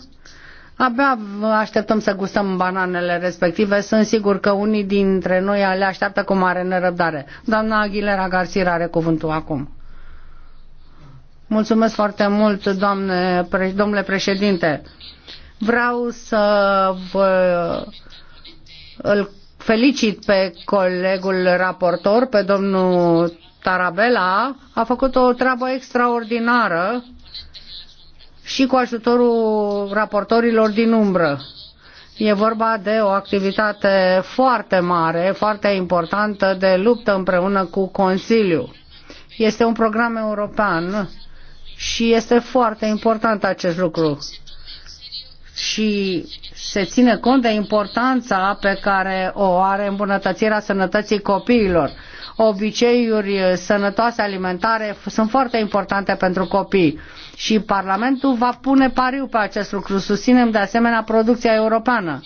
Speaker 1: Abia așteptăm să gustăm bananele respective. Sunt sigur că unii dintre noi le așteaptă cu mare nerăbdare. Doamna Aguilera Garcia are cuvântul acum. Mulțumesc foarte mult, doamne, pre, domnule președinte. Vreau să vă îl felicit pe colegul raportor, pe domnul Tarabella. A făcut o treabă extraordinară și cu ajutorul raportorilor din umbră. E vorba de o activitate foarte mare, foarte importantă de luptă împreună cu Consiliu. Este un program european și este foarte important acest lucru. Și se ține cont de importanța pe care o are îmbunătățirea sănătății copiilor obiceiuri eh, sănătoase alimentare sunt foarte importante pentru copii și Parlamentul va pune pariu pe acest lucru. Susținem de asemenea producția europeană.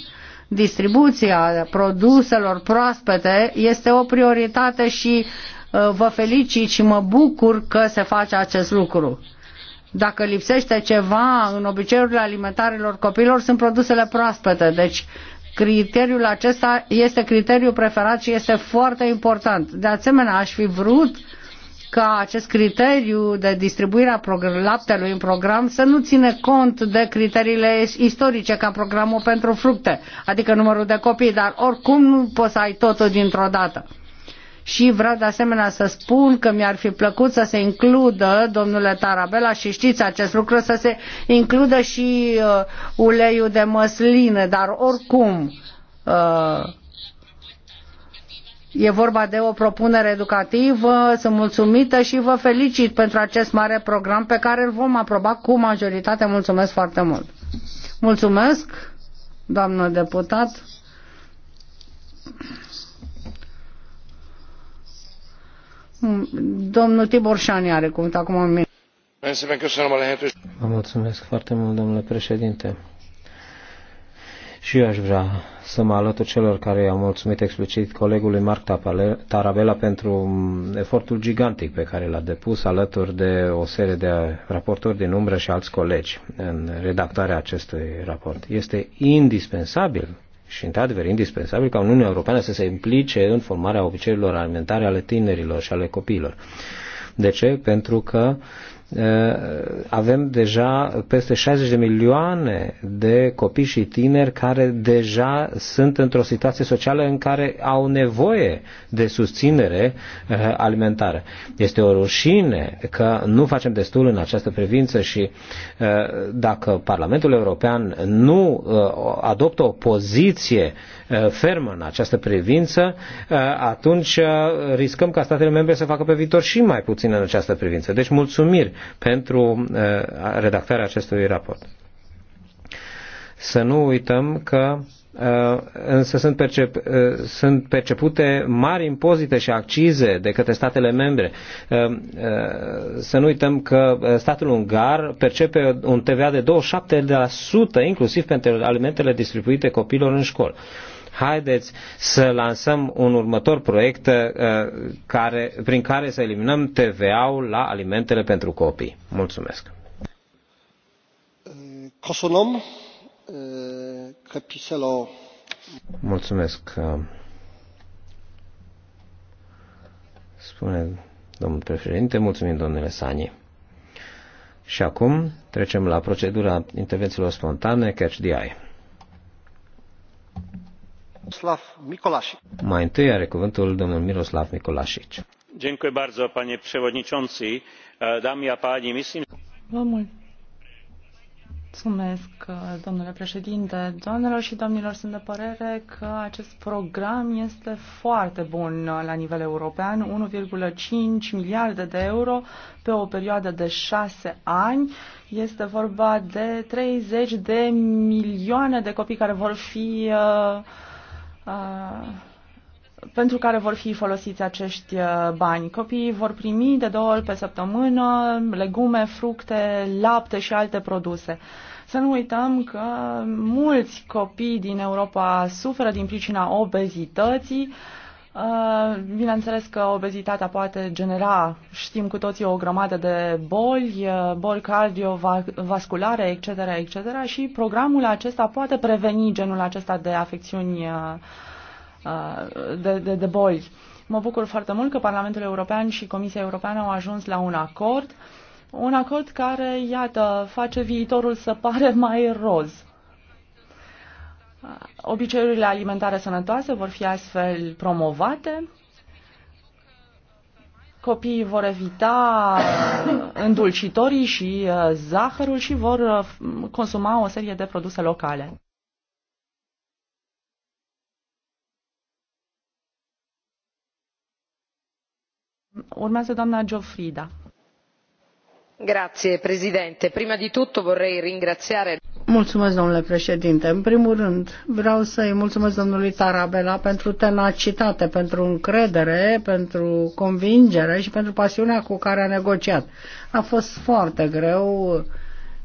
Speaker 1: Distribuția produselor proaspete este o prioritate și eh, vă felicit și mă bucur că se face acest lucru. Dacă lipsește ceva în obiceiurile alimentarelor copiilor, sunt produsele proaspete. Deci criteriul acesta este criteriul preferat și este foarte important. De asemenea, aș fi vrut ca acest criteriu de distribuire a laptelui în program să nu ține cont de criteriile istorice ca programul pentru fructe, adică numărul de copii, dar oricum nu poți să ai totul dintr-o dată și vreau de asemenea să spun că mi-ar fi plăcut să se includă, domnule Tarabela, și știți acest lucru, să se includă și uh, uleiul de măsline, dar oricum uh, E vorba de o propunere educativă, sunt mulțumită și vă felicit pentru acest mare program pe care îl vom aproba cu majoritate. Mulțumesc foarte mult. Mulțumesc, doamnă deputat. Domnul Tibor Șani are cuvântul acum un minut.
Speaker 2: Vă mulțumesc foarte mult, domnule președinte. Și eu aș vrea să mă alătur celor care i-au mulțumit explicit colegului Marc Tarabella pentru efortul gigantic pe care l-a depus alături de o serie de raportori din umbră și alți colegi în redactarea acestui raport. Este indispensabil și, într-adevăr, indispensabil ca Uniunea Europeană să se implice în formarea obiceiurilor alimentare ale tinerilor și ale copiilor. De ce? Pentru că uh, Eh, avem deja peste 60 de milioane de copii și tineri care deja sunt într-o situație socială în care au nevoie de susținere eh, alimentară. Este o rușine că nu facem destul în această privință și eh, dacă Parlamentul European nu adoptă o poziție Uh, fermă în această privință, uh, atunci uh, riscăm ca statele membre să facă pe viitor și mai puțin în această privință. Deci mulțumiri pentru redactarea acestui raport. Să nu uităm că însă sunt, percep, sunt percepute mari impozite și accize de către statele membre. Să nu uităm că statul ungar percepe un TVA de 27%, inclusiv pentru alimentele distribuite copilor în școli haideți să lansăm un următor proiect uh, care, prin care să eliminăm TVA-ul la alimentele pentru copii. Mulțumesc! Cosonom, uh, capiselo. Mulțumesc. Uh, spune domnul președinte, mulțumim domnule Sani. Și acum trecem la procedura intervențiilor spontane, catch the eye. Slav Mikolašić. Mai întâi are cuvântul domnul Miroslav Mikolašić. Dziękuję bardzo, panie przewodniczący. Dami a pani,
Speaker 3: Vă mulțumesc, domnule președinte. Doamnelor și domnilor, sunt de părere că acest program este foarte bun la nivel european. 1,5 miliarde de euro pe o perioadă de șase ani. Este vorba de 30 de milioane de copii care vor fi uh, Uh, pentru care vor fi folosiți acești uh, bani. Copiii vor primi de două ori pe săptămână legume, fructe, lapte și alte produse. Să nu uităm că mulți copii din Europa suferă din pricina obezității, uh, Uh, bineînțeles că obezitatea poate genera, știm cu toții, o grămadă de boli, uh, boli cardiovasculare, etc., etc. și programul acesta poate preveni genul acesta de afecțiuni, uh, de, de, de boli. Mă bucur foarte mult că Parlamentul European și Comisia Europeană au ajuns la un acord, un acord care, iată, face viitorul să pare mai roz. Obiceiurile alimentare sănătoase vor fi astfel promovate, copiii vor evita îndulcitorii și uh, zahărul și vor uh, consuma o serie de produse locale. Urmează doamna Giofrida.
Speaker 1: Grazie Presidente. Prima di tutto vorrei ringraziare Mulțumesc, domnule președinte. În primul rând, vreau să-i mulțumesc domnului Tarabela pentru tenacitate, pentru încredere, pentru convingere și pentru pasiunea cu care a negociat. A fost foarte greu.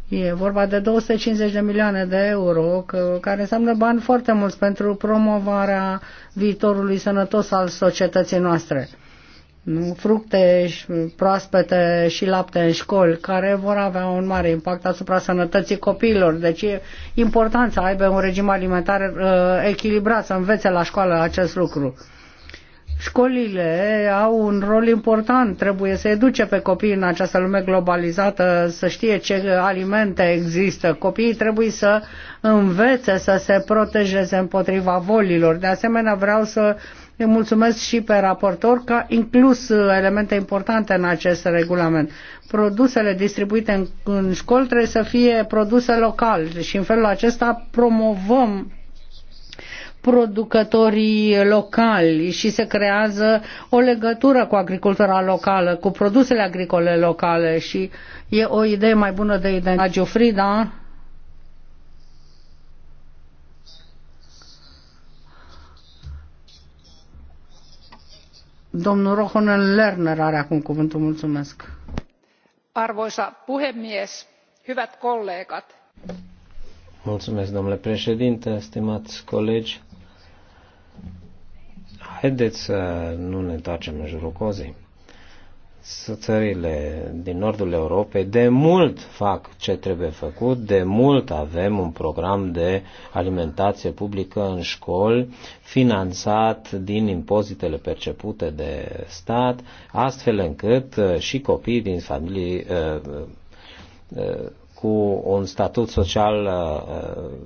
Speaker 1: E vorba de 250 de milioane de euro, care înseamnă bani foarte mulți pentru promovarea viitorului sănătos al societății noastre fructe proaspete și lapte în școli, care vor avea un mare impact asupra sănătății copiilor. Deci e important să aibă un regim alimentar uh, echilibrat, să învețe la școală acest lucru. Școlile au un rol important, trebuie să educe pe copii în această lume globalizată, să știe ce alimente există. Copiii trebuie să învețe să se protejeze împotriva bolilor. De asemenea, vreau să uh, îi mulțumesc și pe raportor că a inclus uh, elemente importante în acest regulament. Produsele distribuite în, în școli trebuie să fie produse local și în felul acesta promovăm producătorii locali și se creează o legătură cu agricultura locală, cu produsele agricole locale și e o idee mai bună de identitate. Giofrida, Domnul Rohonen Lerner are acum cuvântul. Mulțumesc. Arvoisa puhemies, hyvät kollegat.
Speaker 2: Mulțumesc, domnule președinte, stimați colegi. Haideți să nu ne întoarcem în jurul cozii țările din nordul Europei de mult fac ce trebuie făcut, de mult avem un program de alimentație publică în școli finanțat din impozitele percepute de stat, astfel încât uh, și copiii din familii uh, uh, cu un statut social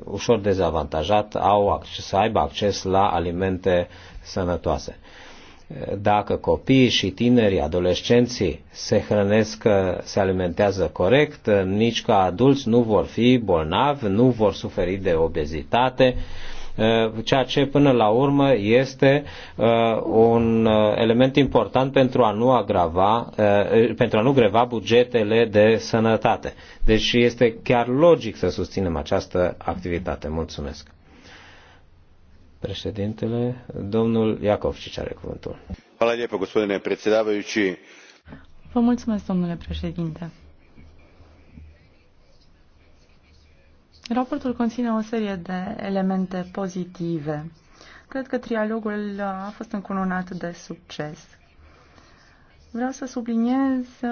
Speaker 2: ușor dezavantajat au acces, să aibă acces la alimente sănătoase dacă copiii și tinerii, adolescenții se hrănesc, se alimentează corect, nici ca adulți nu vor fi bolnavi, nu vor suferi de obezitate, ceea ce până la urmă este uh, un element important pentru a nu agrava, uh, pentru a nu greva bugetele de sănătate. Deci este chiar logic să susținem această activitate. Mulțumesc! Președintele, domnul Iacovcici are cuvântul.
Speaker 3: Vă mulțumesc, domnule președinte. Raportul conține o serie de elemente pozitive. Cred că trialogul a fost încununat de succes. Vreau să subliniez uh,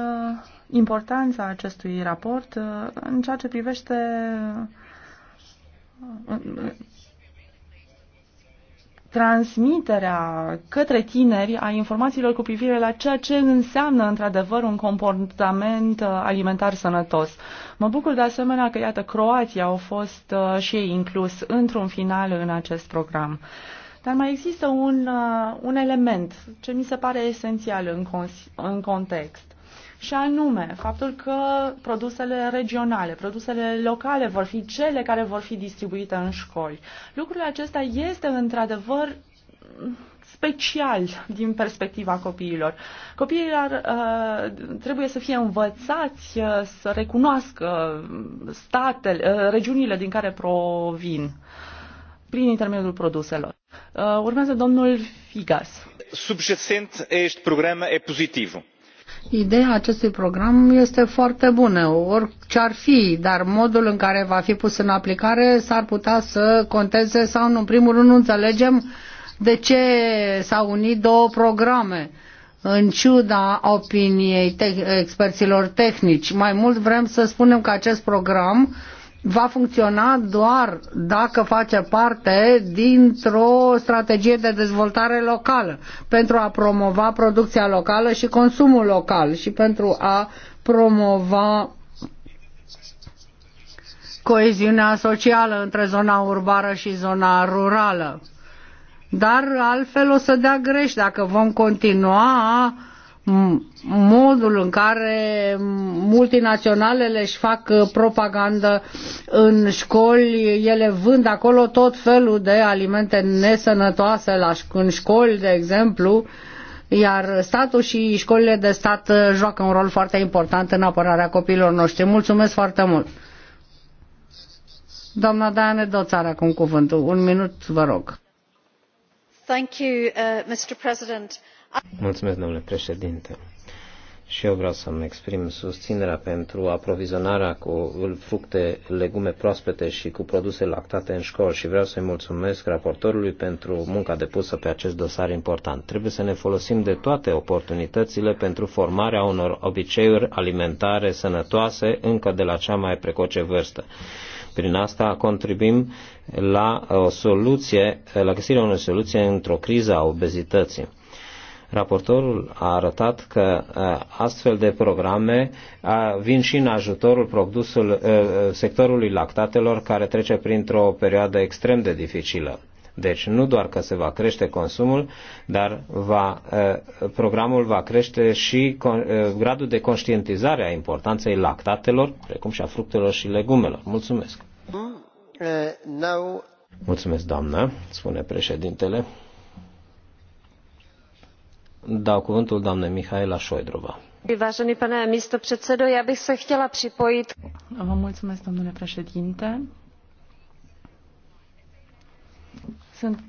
Speaker 3: importanța acestui raport uh, în ceea ce privește uh, transmiterea către tineri a informațiilor cu privire la ceea ce înseamnă într-adevăr un comportament uh, alimentar sănătos. Mă bucur de asemenea că, iată, Croația au fost uh, și ei inclus într-un final în acest program. Dar mai există un, uh, un element ce mi se pare esențial în, în context și anume faptul că produsele regionale, produsele locale vor fi cele care vor fi distribuite în școli. Lucrul acesta este într-adevăr special din perspectiva copiilor. Copiii ar, uh, trebuie să fie învățați uh, să recunoască statele, uh, regiunile din care provin prin intermediul produselor. Uh, urmează domnul Figas.
Speaker 2: Subjacent este program e pozitiv
Speaker 3: Ideea acestui
Speaker 1: program este foarte bună, orice ar fi, dar modul în care va fi pus în aplicare s-ar putea să conteze sau nu. În primul rând nu înțelegem de ce s-au unit două programe în ciuda opiniei te- experților tehnici. Mai mult vrem să spunem că acest program uh, va funcționa doar dacă face parte dintr-o strategie de dezvoltare locală pentru a promova producția locală și consumul local și pentru a promova coeziunea socială între zona urbană și zona rurală. Dar altfel o să dea greș dacă vom continua uh, modul în care multinaționalele își fac uh, propagandă în școli, ele vând acolo tot felul de alimente nesănătoase la, în școli, de exemplu, iar statul și școlile de stat uh, joacă un rol foarte important în apărarea copiilor noștri. Mulțumesc foarte mult! Doamna Daiane Doțar, acum cuvântul. Un minut, vă rog.
Speaker 2: Thank you, uh, Mr. President. Mulțumesc, domnule președinte. Și eu vreau să-mi exprim susținerea pentru aprovizionarea cu fructe, legume proaspete și cu produse lactate în școli și vreau să-i mulțumesc raportorului pentru munca depusă pe acest dosar important. Trebuie să ne folosim de toate oportunitățile pentru formarea unor obiceiuri alimentare sănătoase încă de la cea mai precoce vârstă. Prin asta contribuim la o soluție, la găsirea unei soluții într-o criză a obezității Raportorul a arătat că uh, astfel de programe uh, vin și în ajutorul produsul, uh, sectorului lactatelor care trece printr-o perioadă extrem de dificilă. Deci nu doar că se va crește consumul, dar va, programul va crește și gradul de conștientizare a importanței lactatelor, precum și a fructelor și legumelor. Mulțumesc! Mm, Mulțumesc, doamnă, spune președintele cuvântul Vážený pane
Speaker 3: místopředsedo, já bych se chtěla připojit. Vă mulțumesc, domnule președinte. Sunt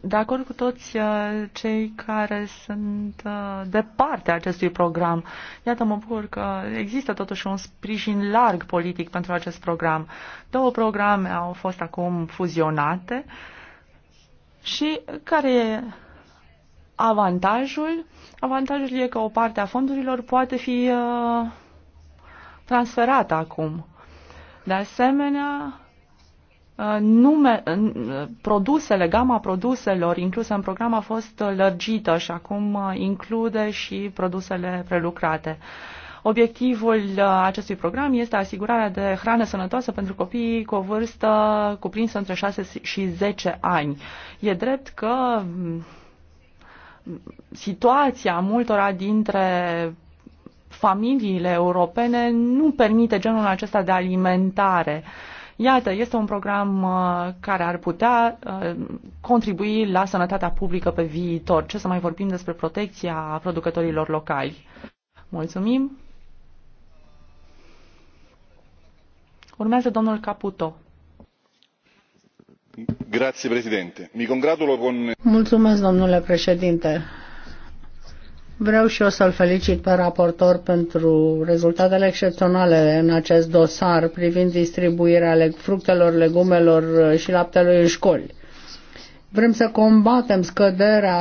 Speaker 3: de acord cu toți uh, cei care sunt uh, de parte a acestui program. Iată, mă bucur că există totuși un sprijin larg politic pentru acest program. Două programe au fost acum fuzionate și care e avantajul? Avantajul e că o parte a fondurilor poate fi uh, transferată acum. De asemenea, uh, nume, uh, produsele, gama produselor incluse în program a fost lărgită și acum include și produsele prelucrate. Obiectivul acestui program este asigurarea de hrană sănătoasă pentru copiii cu o vârstă cuprinsă între 6 și 10 ani. E drept că situația multora dintre familiile europene nu permite genul acesta de alimentare. Iată, este un program uh, care ar putea uh, contribui la sănătatea publică pe viitor. Ce să mai vorbim despre protecția producătorilor locali? Mulțumim! Urmează domnul Caputo. Mulțumesc, domnule
Speaker 1: președinte. Vreau și eu să-l felicit pe raportor pentru rezultatele excepționale în acest dosar privind distribuirea fructelor, legumelor uh, și laptelui în școli. Vrem să combatem scăderea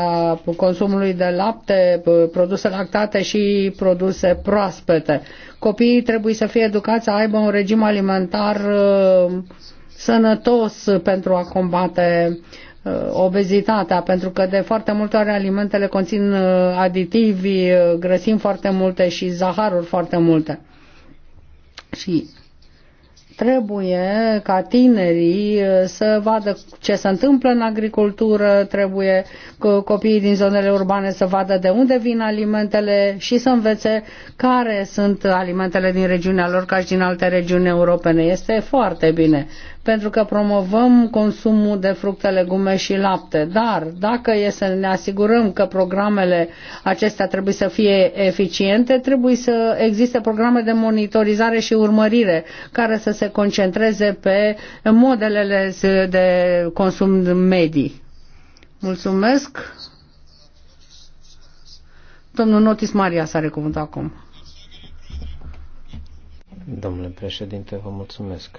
Speaker 1: consumului de lapte, uh, produse lactate și produse proaspete. Copiii trebuie să fie educați să aibă un regim alimentar uh, sănătos pentru a combate uh, obezitatea, pentru că de foarte multe ori alimentele conțin uh, aditivi, uh, grăsimi foarte multe și zaharuri foarte multe. Și trebuie ca tinerii să vadă ce se întâmplă în agricultură, trebuie copiii din zonele urbane să vadă de unde vin alimentele și să învețe care sunt alimentele din regiunea lor ca și din alte regiuni europene. Este foarte bine pentru că promovăm consumul de fructe, legume și lapte. Dar dacă e să ne asigurăm că programele acestea trebuie să fie eficiente, trebuie să existe programe de monitorizare și urmărire care să se concentreze pe modelele de consum medii. Mulțumesc. Domnul Notis Maria are cuvânt acum.
Speaker 2: Domnule președinte, vă mulțumesc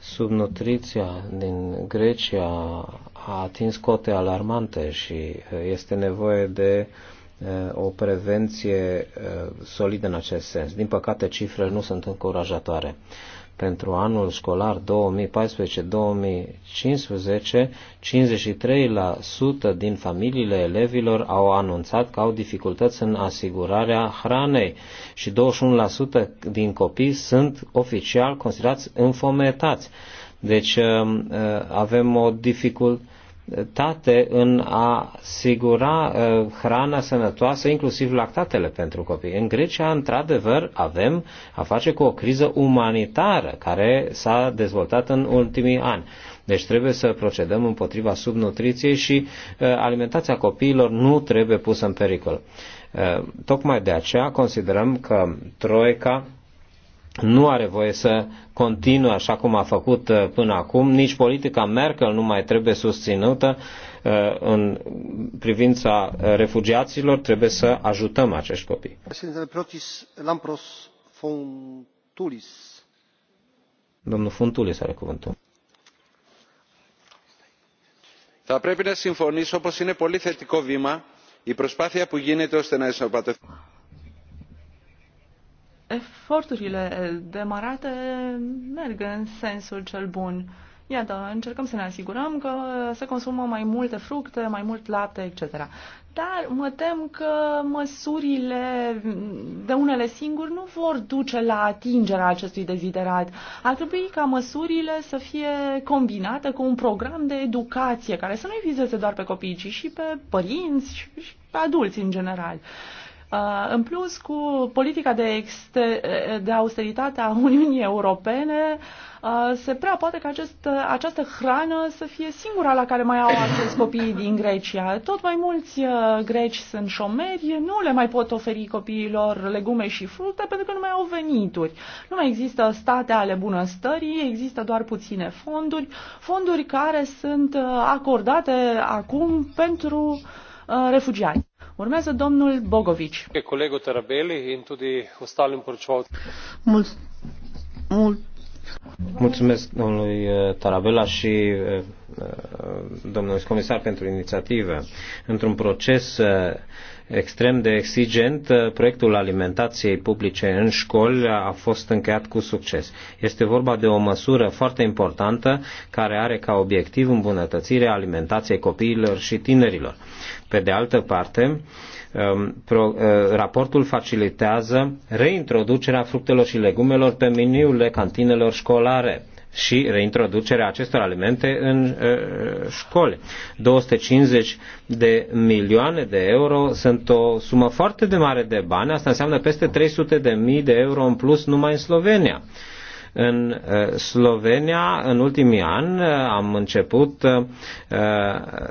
Speaker 2: subnutriția din Grecia a atins cote alarmante și uh, este nevoie de uh, o prevenție uh, solidă în acest sens. Din păcate, cifrele nu sunt încurajatoare pentru anul școlar 2014-2015, 53% din familiile elevilor au anunțat că au dificultăți în asigurarea hranei și 21% din copii sunt oficial considerați înfometați. Deci um, uh, avem o dificultate tate în a asigura uh, hrana sănătoasă, inclusiv lactatele pentru copii. În Grecia, într-adevăr, avem a face cu o criză umanitară care s-a dezvoltat în ultimii ani. Deci trebuie să procedăm împotriva subnutriției și uh, alimentația copiilor nu trebuie pusă în pericol. Uh, tocmai de aceea considerăm că Troica nu are voie să continue așa cum a făcut uh, până acum, nici politica Merkel nu mai trebuie susținută uh, în privința refugiaților, trebuie să ajutăm acești copii. Domnul Funtulis are cuvântul. Θα πρέπει να συμφωνήσω πως είναι πολύ
Speaker 3: θετικό βήμα η προσπάθεια που γίνεται ώστε να ενσωματωθεί eforturile demarate merg în sensul cel bun. Iată, încercăm să ne asigurăm că se consumă mai multe fructe, mai mult lapte, etc. Dar mă tem că măsurile de unele singuri nu vor duce la atingerea acestui deziderat. Ar trebui ca măsurile să fie combinate cu un program de educație care să nu-i vizeze doar pe copii, ci și pe părinți și pe adulți în general. Uh, în plus, cu politica de, de austeritate a Uniunii Europene, uh, se prea poate că acest, uh, această hrană să fie singura la care mai au acces copiii din Grecia. Tot mai mulți greci sunt șomeri, nu le mai pot oferi copiilor legume și fructe pentru că nu mai au venituri. Nu mai există state ale bunăstării, există doar puține fonduri, fonduri care sunt acordate acum pentru uh, Uh, refugiați. Urmează domnul Bogovici.
Speaker 2: Colegul Tarabeli în tudi ostalim Mul- mul- Mulțumesc domnului uh, Tarabela și uh, domnului comisar pentru inițiativă. Într-un proces extrem de exigent, uh, proiectul alimentației publice în școli a fost încheiat cu succes. Este vorba de o măsură foarte importantă care are ca obiectiv îmbunătățirea alimentației copiilor și tinerilor. Pe de altă parte, um, uh, raportul facilitează reintroducerea fructelor și legumelor pe meniurile cantinelor școlare și reintroducerea acestor alimente în uh, școli. 250 de milioane de euro sunt o sumă foarte de mare de bani, asta înseamnă peste 300 de mii de euro în plus numai în Slovenia. În uh, Slovenia, în ultimii ani, uh, am început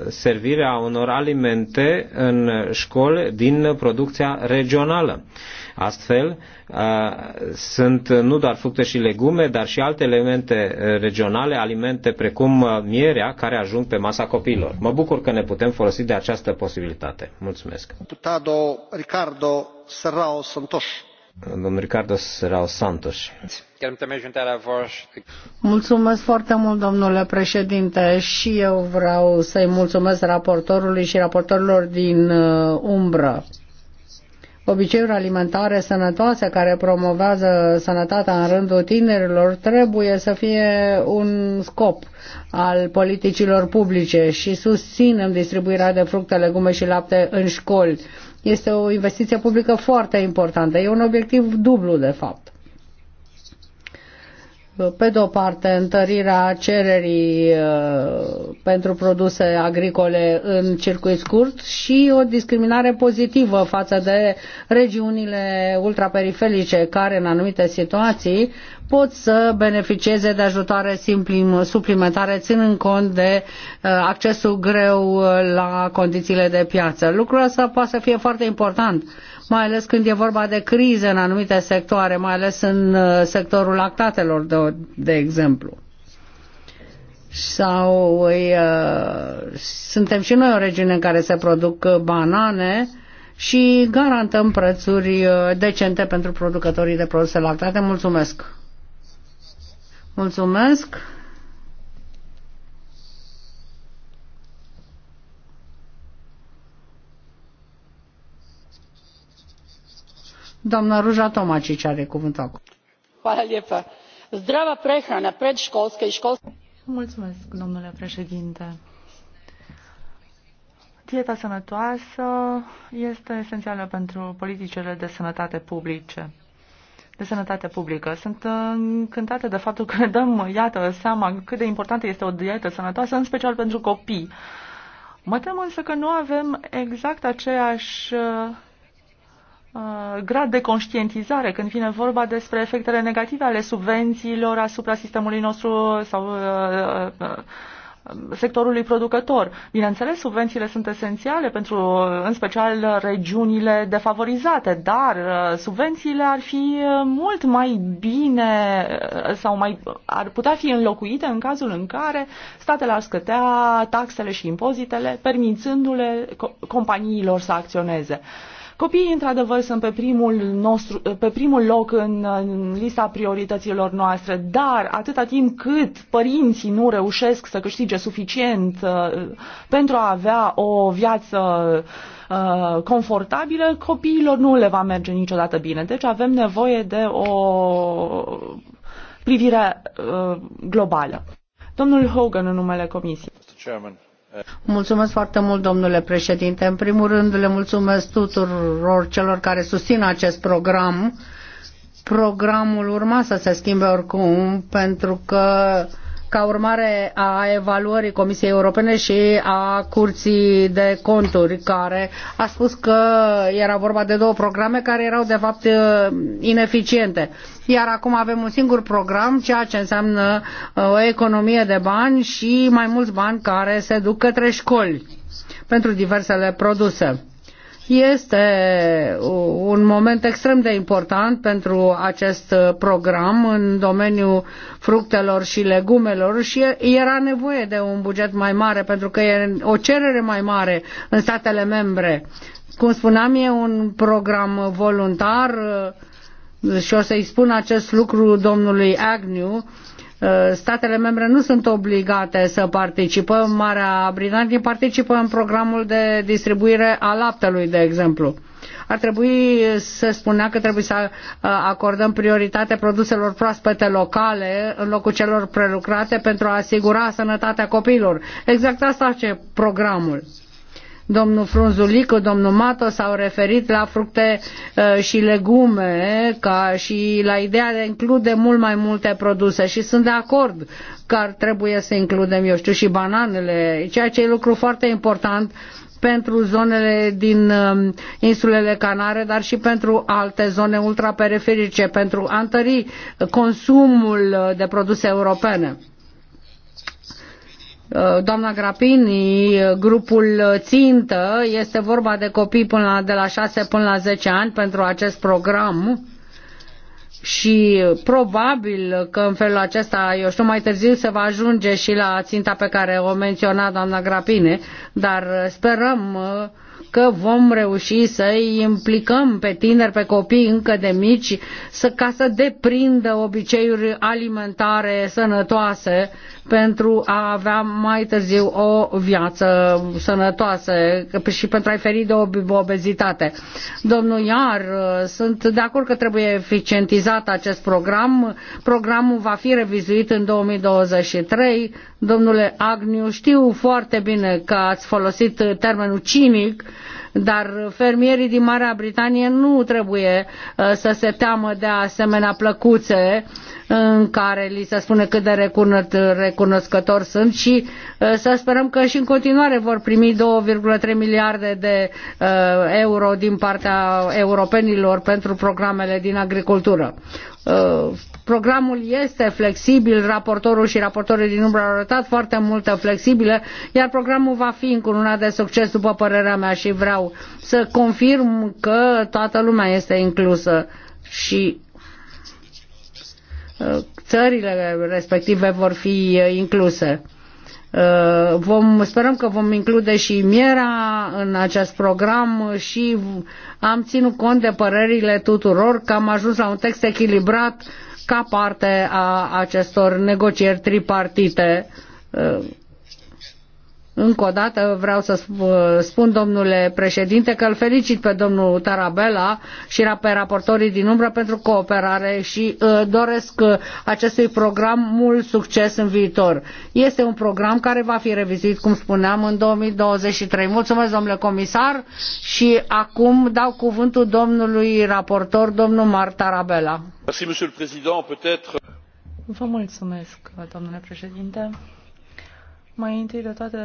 Speaker 2: servirea unor alimente în școli din producția regională. Astfel, sunt nu doar fructe și legume, dar și alte elemente regionale, alimente precum uh, mierea, care ajung pe masa copiilor. Mă bucur că ne putem folosi de această posibilitate. Mulțumesc. Deputado Ricardo Serrao Santos. Domnul Ricardo Serrao Santos.
Speaker 1: Mulțumesc foarte mult, domnule președinte, și eu vreau să-i mulțumesc raportorului și raportorilor din uh, umbră obiceiuri alimentare sănătoase care promovează sănătatea în rândul tinerilor trebuie să fie un scop al politicilor publice și susținem distribuirea de fructe, legume și lapte în școli. Este o investiție publică foarte importantă. E un obiectiv dublu, de fapt pe de o parte, întărirea cererii uh, pentru produse agricole în circuit scurt și o discriminare pozitivă față de regiunile ultraperiferice care în anumite situații pot să beneficieze de ajutoare suplimentare ținând cont de uh, accesul greu uh, la condițiile de piață. Lucrul ăsta poate să fie foarte important mai ales când e vorba de crize în anumite sectoare, mai ales în uh, sectorul lactatelor, de, de exemplu sau îi, uh, suntem și noi o regiune în care se produc uh, banane și garantăm prețuri uh, decente pentru producătorii de produse lactate. Mulțumesc! Mulțumesc! Doamna Ruža Tomacić are cuvântul acum. Zdrava prehrana predškolske i školske...
Speaker 3: Mulțumesc, domnule președinte. Dieta sănătoasă este esențială pentru politicile de sănătate publice de sănătate publică. Sunt încântată de faptul că ne dăm, iată, seama cât de importantă este o dietă sănătoasă, în special pentru copii. Mă tem însă că nu avem exact aceeași Uh, grad de conștientizare când vine vorba despre efectele negative ale subvențiilor asupra sistemului nostru sau uh, uh, sectorului producător. Bineînțeles, subvențiile sunt esențiale pentru, în special, regiunile defavorizate, dar subvențiile ar fi mult mai bine sau mai, ar putea fi înlocuite în cazul în care statele ar scătea taxele și impozitele, permițându-le companiilor să acționeze. Copiii, într-adevăr, sunt pe primul, nostru, pe primul loc în, în lista priorităților noastre, dar atâta timp cât părinții nu reușesc să câștige suficient uh, pentru a avea o viață uh, confortabilă, copiilor nu le va merge niciodată bine. Deci avem nevoie de o privire uh, globală. Domnul Hogan, în numele Comisiei.
Speaker 1: Mulțumesc foarte mult, domnule președinte. În primul rând, le mulțumesc tuturor celor care susțin acest program. Programul urma să se schimbe oricum, pentru că ca urmare a evaluării Comisiei Europene și a Curții de Conturi, care a spus că era vorba de două programe care erau de fapt uh, ineficiente. Iar acum avem un singur program, ceea ce înseamnă uh, o economie de bani și mai mulți bani care se duc către școli pentru diversele produse. Este un moment extrem de important pentru acest program în domeniul fructelor și legumelor și era nevoie de un buget mai mare pentru că e o cerere mai mare în statele membre. Cum spuneam, e un program voluntar uh, și o să-i spun acest lucru domnului Agnew, Eh, statele membre nu sunt obligate să participe. Marea Britanie participă în programul de distribuire a laptelui, de exemplu. Ar trebui să spunea că trebuie să eh, acordăm prioritate produselor proaspete locale în locul celor prelucrate pentru a asigura sănătatea copiilor. Exact asta face programul. Domnul Frunzulic, domnul Mato s-au referit la fructe uh, și legume ca și la ideea de a include mult mai multe produse și sunt de acord că ar trebui să includem, eu știu, și bananele, ceea ce e lucru foarte important pentru zonele din uh, insulele Canare, dar și pentru alte zone ultraperiferice, pentru a întări consumul de produse europene. Uh, doamna Grapini, grupul țintă, este vorba de copii până la, de la 6 până la 10 ani pentru acest program și probabil că în felul acesta, eu știu, mai târziu se va ajunge și la ținta pe care o menționa doamna Grapine, dar sperăm uh, că vom reuși să îi implicăm pe tineri, pe copii încă de mici, să, ca să deprindă obiceiuri alimentare sănătoase pentru a avea mai târziu o viață sănătoasă și pentru a-i feri de obezitate. Domnul Iar, sunt de acord că trebuie eficientizat acest program. Programul va fi revizuit în 2023. Domnule Agniu, știu foarte bine că ați folosit termenul cinic dar fermierii din Marea Britanie nu trebuie uh, să se teamă de asemenea plăcuțe în care li se spune cât de recunoscători sunt și uh, să sperăm că și în continuare vor primi 2,3 miliarde de uh, euro din partea europenilor pentru programele din agricultură Programul este flexibil, raportorul și raportorii din umbră au arătat foarte multă flexibilă, iar programul va fi încununat de succes, după părerea mea, și vreau să confirm că toată lumea este inclusă și uh, țările respective vor fi uh, incluse. Uh, vom, sperăm că vom include și Miera în acest program și am ținut cont de părerile tuturor că am ajuns la un text echilibrat ca parte a acestor negocieri tripartite uh, încă o dată vreau să spun, domnule președinte, că îl felicit pe domnul Tarabella și pe raportorii din umbră pentru cooperare și uh, doresc uh, acestui program mult succes în viitor. Este un program care va fi revizuit, cum spuneam, în 2023. Mulțumesc, domnule comisar, și acum dau cuvântul domnului raportor, domnul Mar Tarabella.
Speaker 3: Vă mulțumesc, domnule președinte. Mai întâi de toate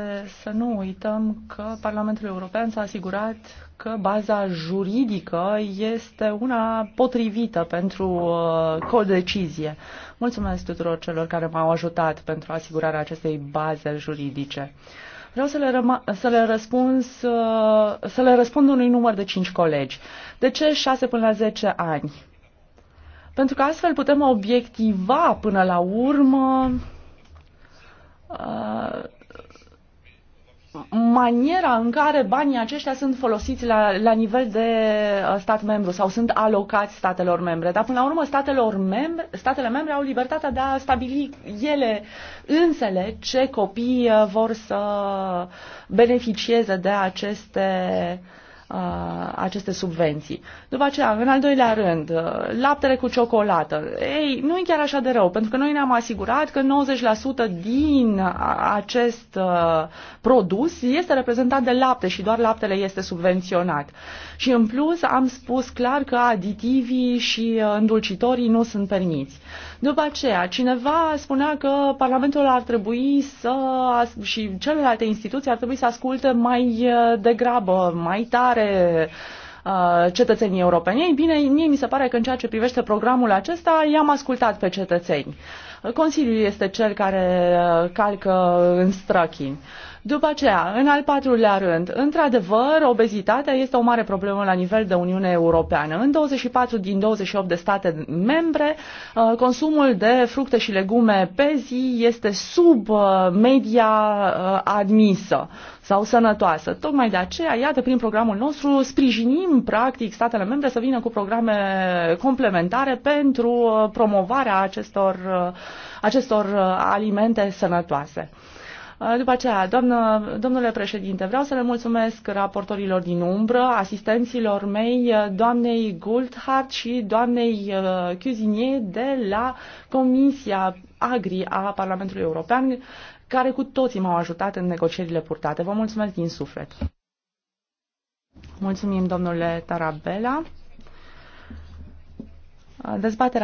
Speaker 3: să nu uităm că Parlamentul European s-a asigurat că baza juridică este una potrivită pentru uh, codecizie. Mulțumesc tuturor celor care m-au ajutat pentru asigurarea acestei baze juridice. Vreau să le, să le, răspuns, uh, să le răspund unui număr de 5 colegi. De ce 6 până la 10 ani? Pentru că astfel putem obiectiva până la urmă maniera în care banii aceștia sunt folosiți la, la nivel de uh, stat membru sau sunt alocați statelor membre. Dar până la urmă statelor membre, statele membre au libertatea de a stabili ele însele ce copii uh, vor să beneficieze de aceste uh, Uh, aceste subvenții. După aceea, în al doilea rând, uh, laptele cu ciocolată. Ei, nu e chiar așa de rău, pentru că noi ne-am asigurat că 90% din acest uh, produs este reprezentat de lapte și doar laptele este subvenționat. Și în plus am spus clar că aditivii și îndulcitorii nu sunt permiți. După aceea, cineva spunea că Parlamentul ar trebui să și celelalte instituții ar trebui să asculte mai uh, degrabă, mai tare uh, cetățenii europeni. Ei bine, mie mi se pare că în ceea ce privește programul acesta i-am ascultat pe cetățeni. Consiliul este cel care uh, calcă în străchini. Uh, după aceea, în al patrulea rând, într-adevăr, obezitatea este o mare problemă la nivel de Uniune Europeană. În 24 din 28 de state membre, uh, consumul de fructe și legume pe zi este sub uh, media uh, admisă sau sănătoasă. Tocmai de aceea, iată, prin programul nostru sprijinim practic statele membre să vină cu programe complementare pentru promovarea acestor, acestor alimente sănătoase. Uh, după aceea, doamnă, domnule președinte, vreau să le mulțumesc raportorilor din umbră, asistenților mei, uh, doamnei Goldhart și doamnei uh, Cuzinier de la Comisia Agri a Parlamentului European, care cu toții m-au ajutat în negocierile purtate. Vă mulțumesc din suflet. Mulțumim, domnule Tarabella.
Speaker 1: Dezbaterea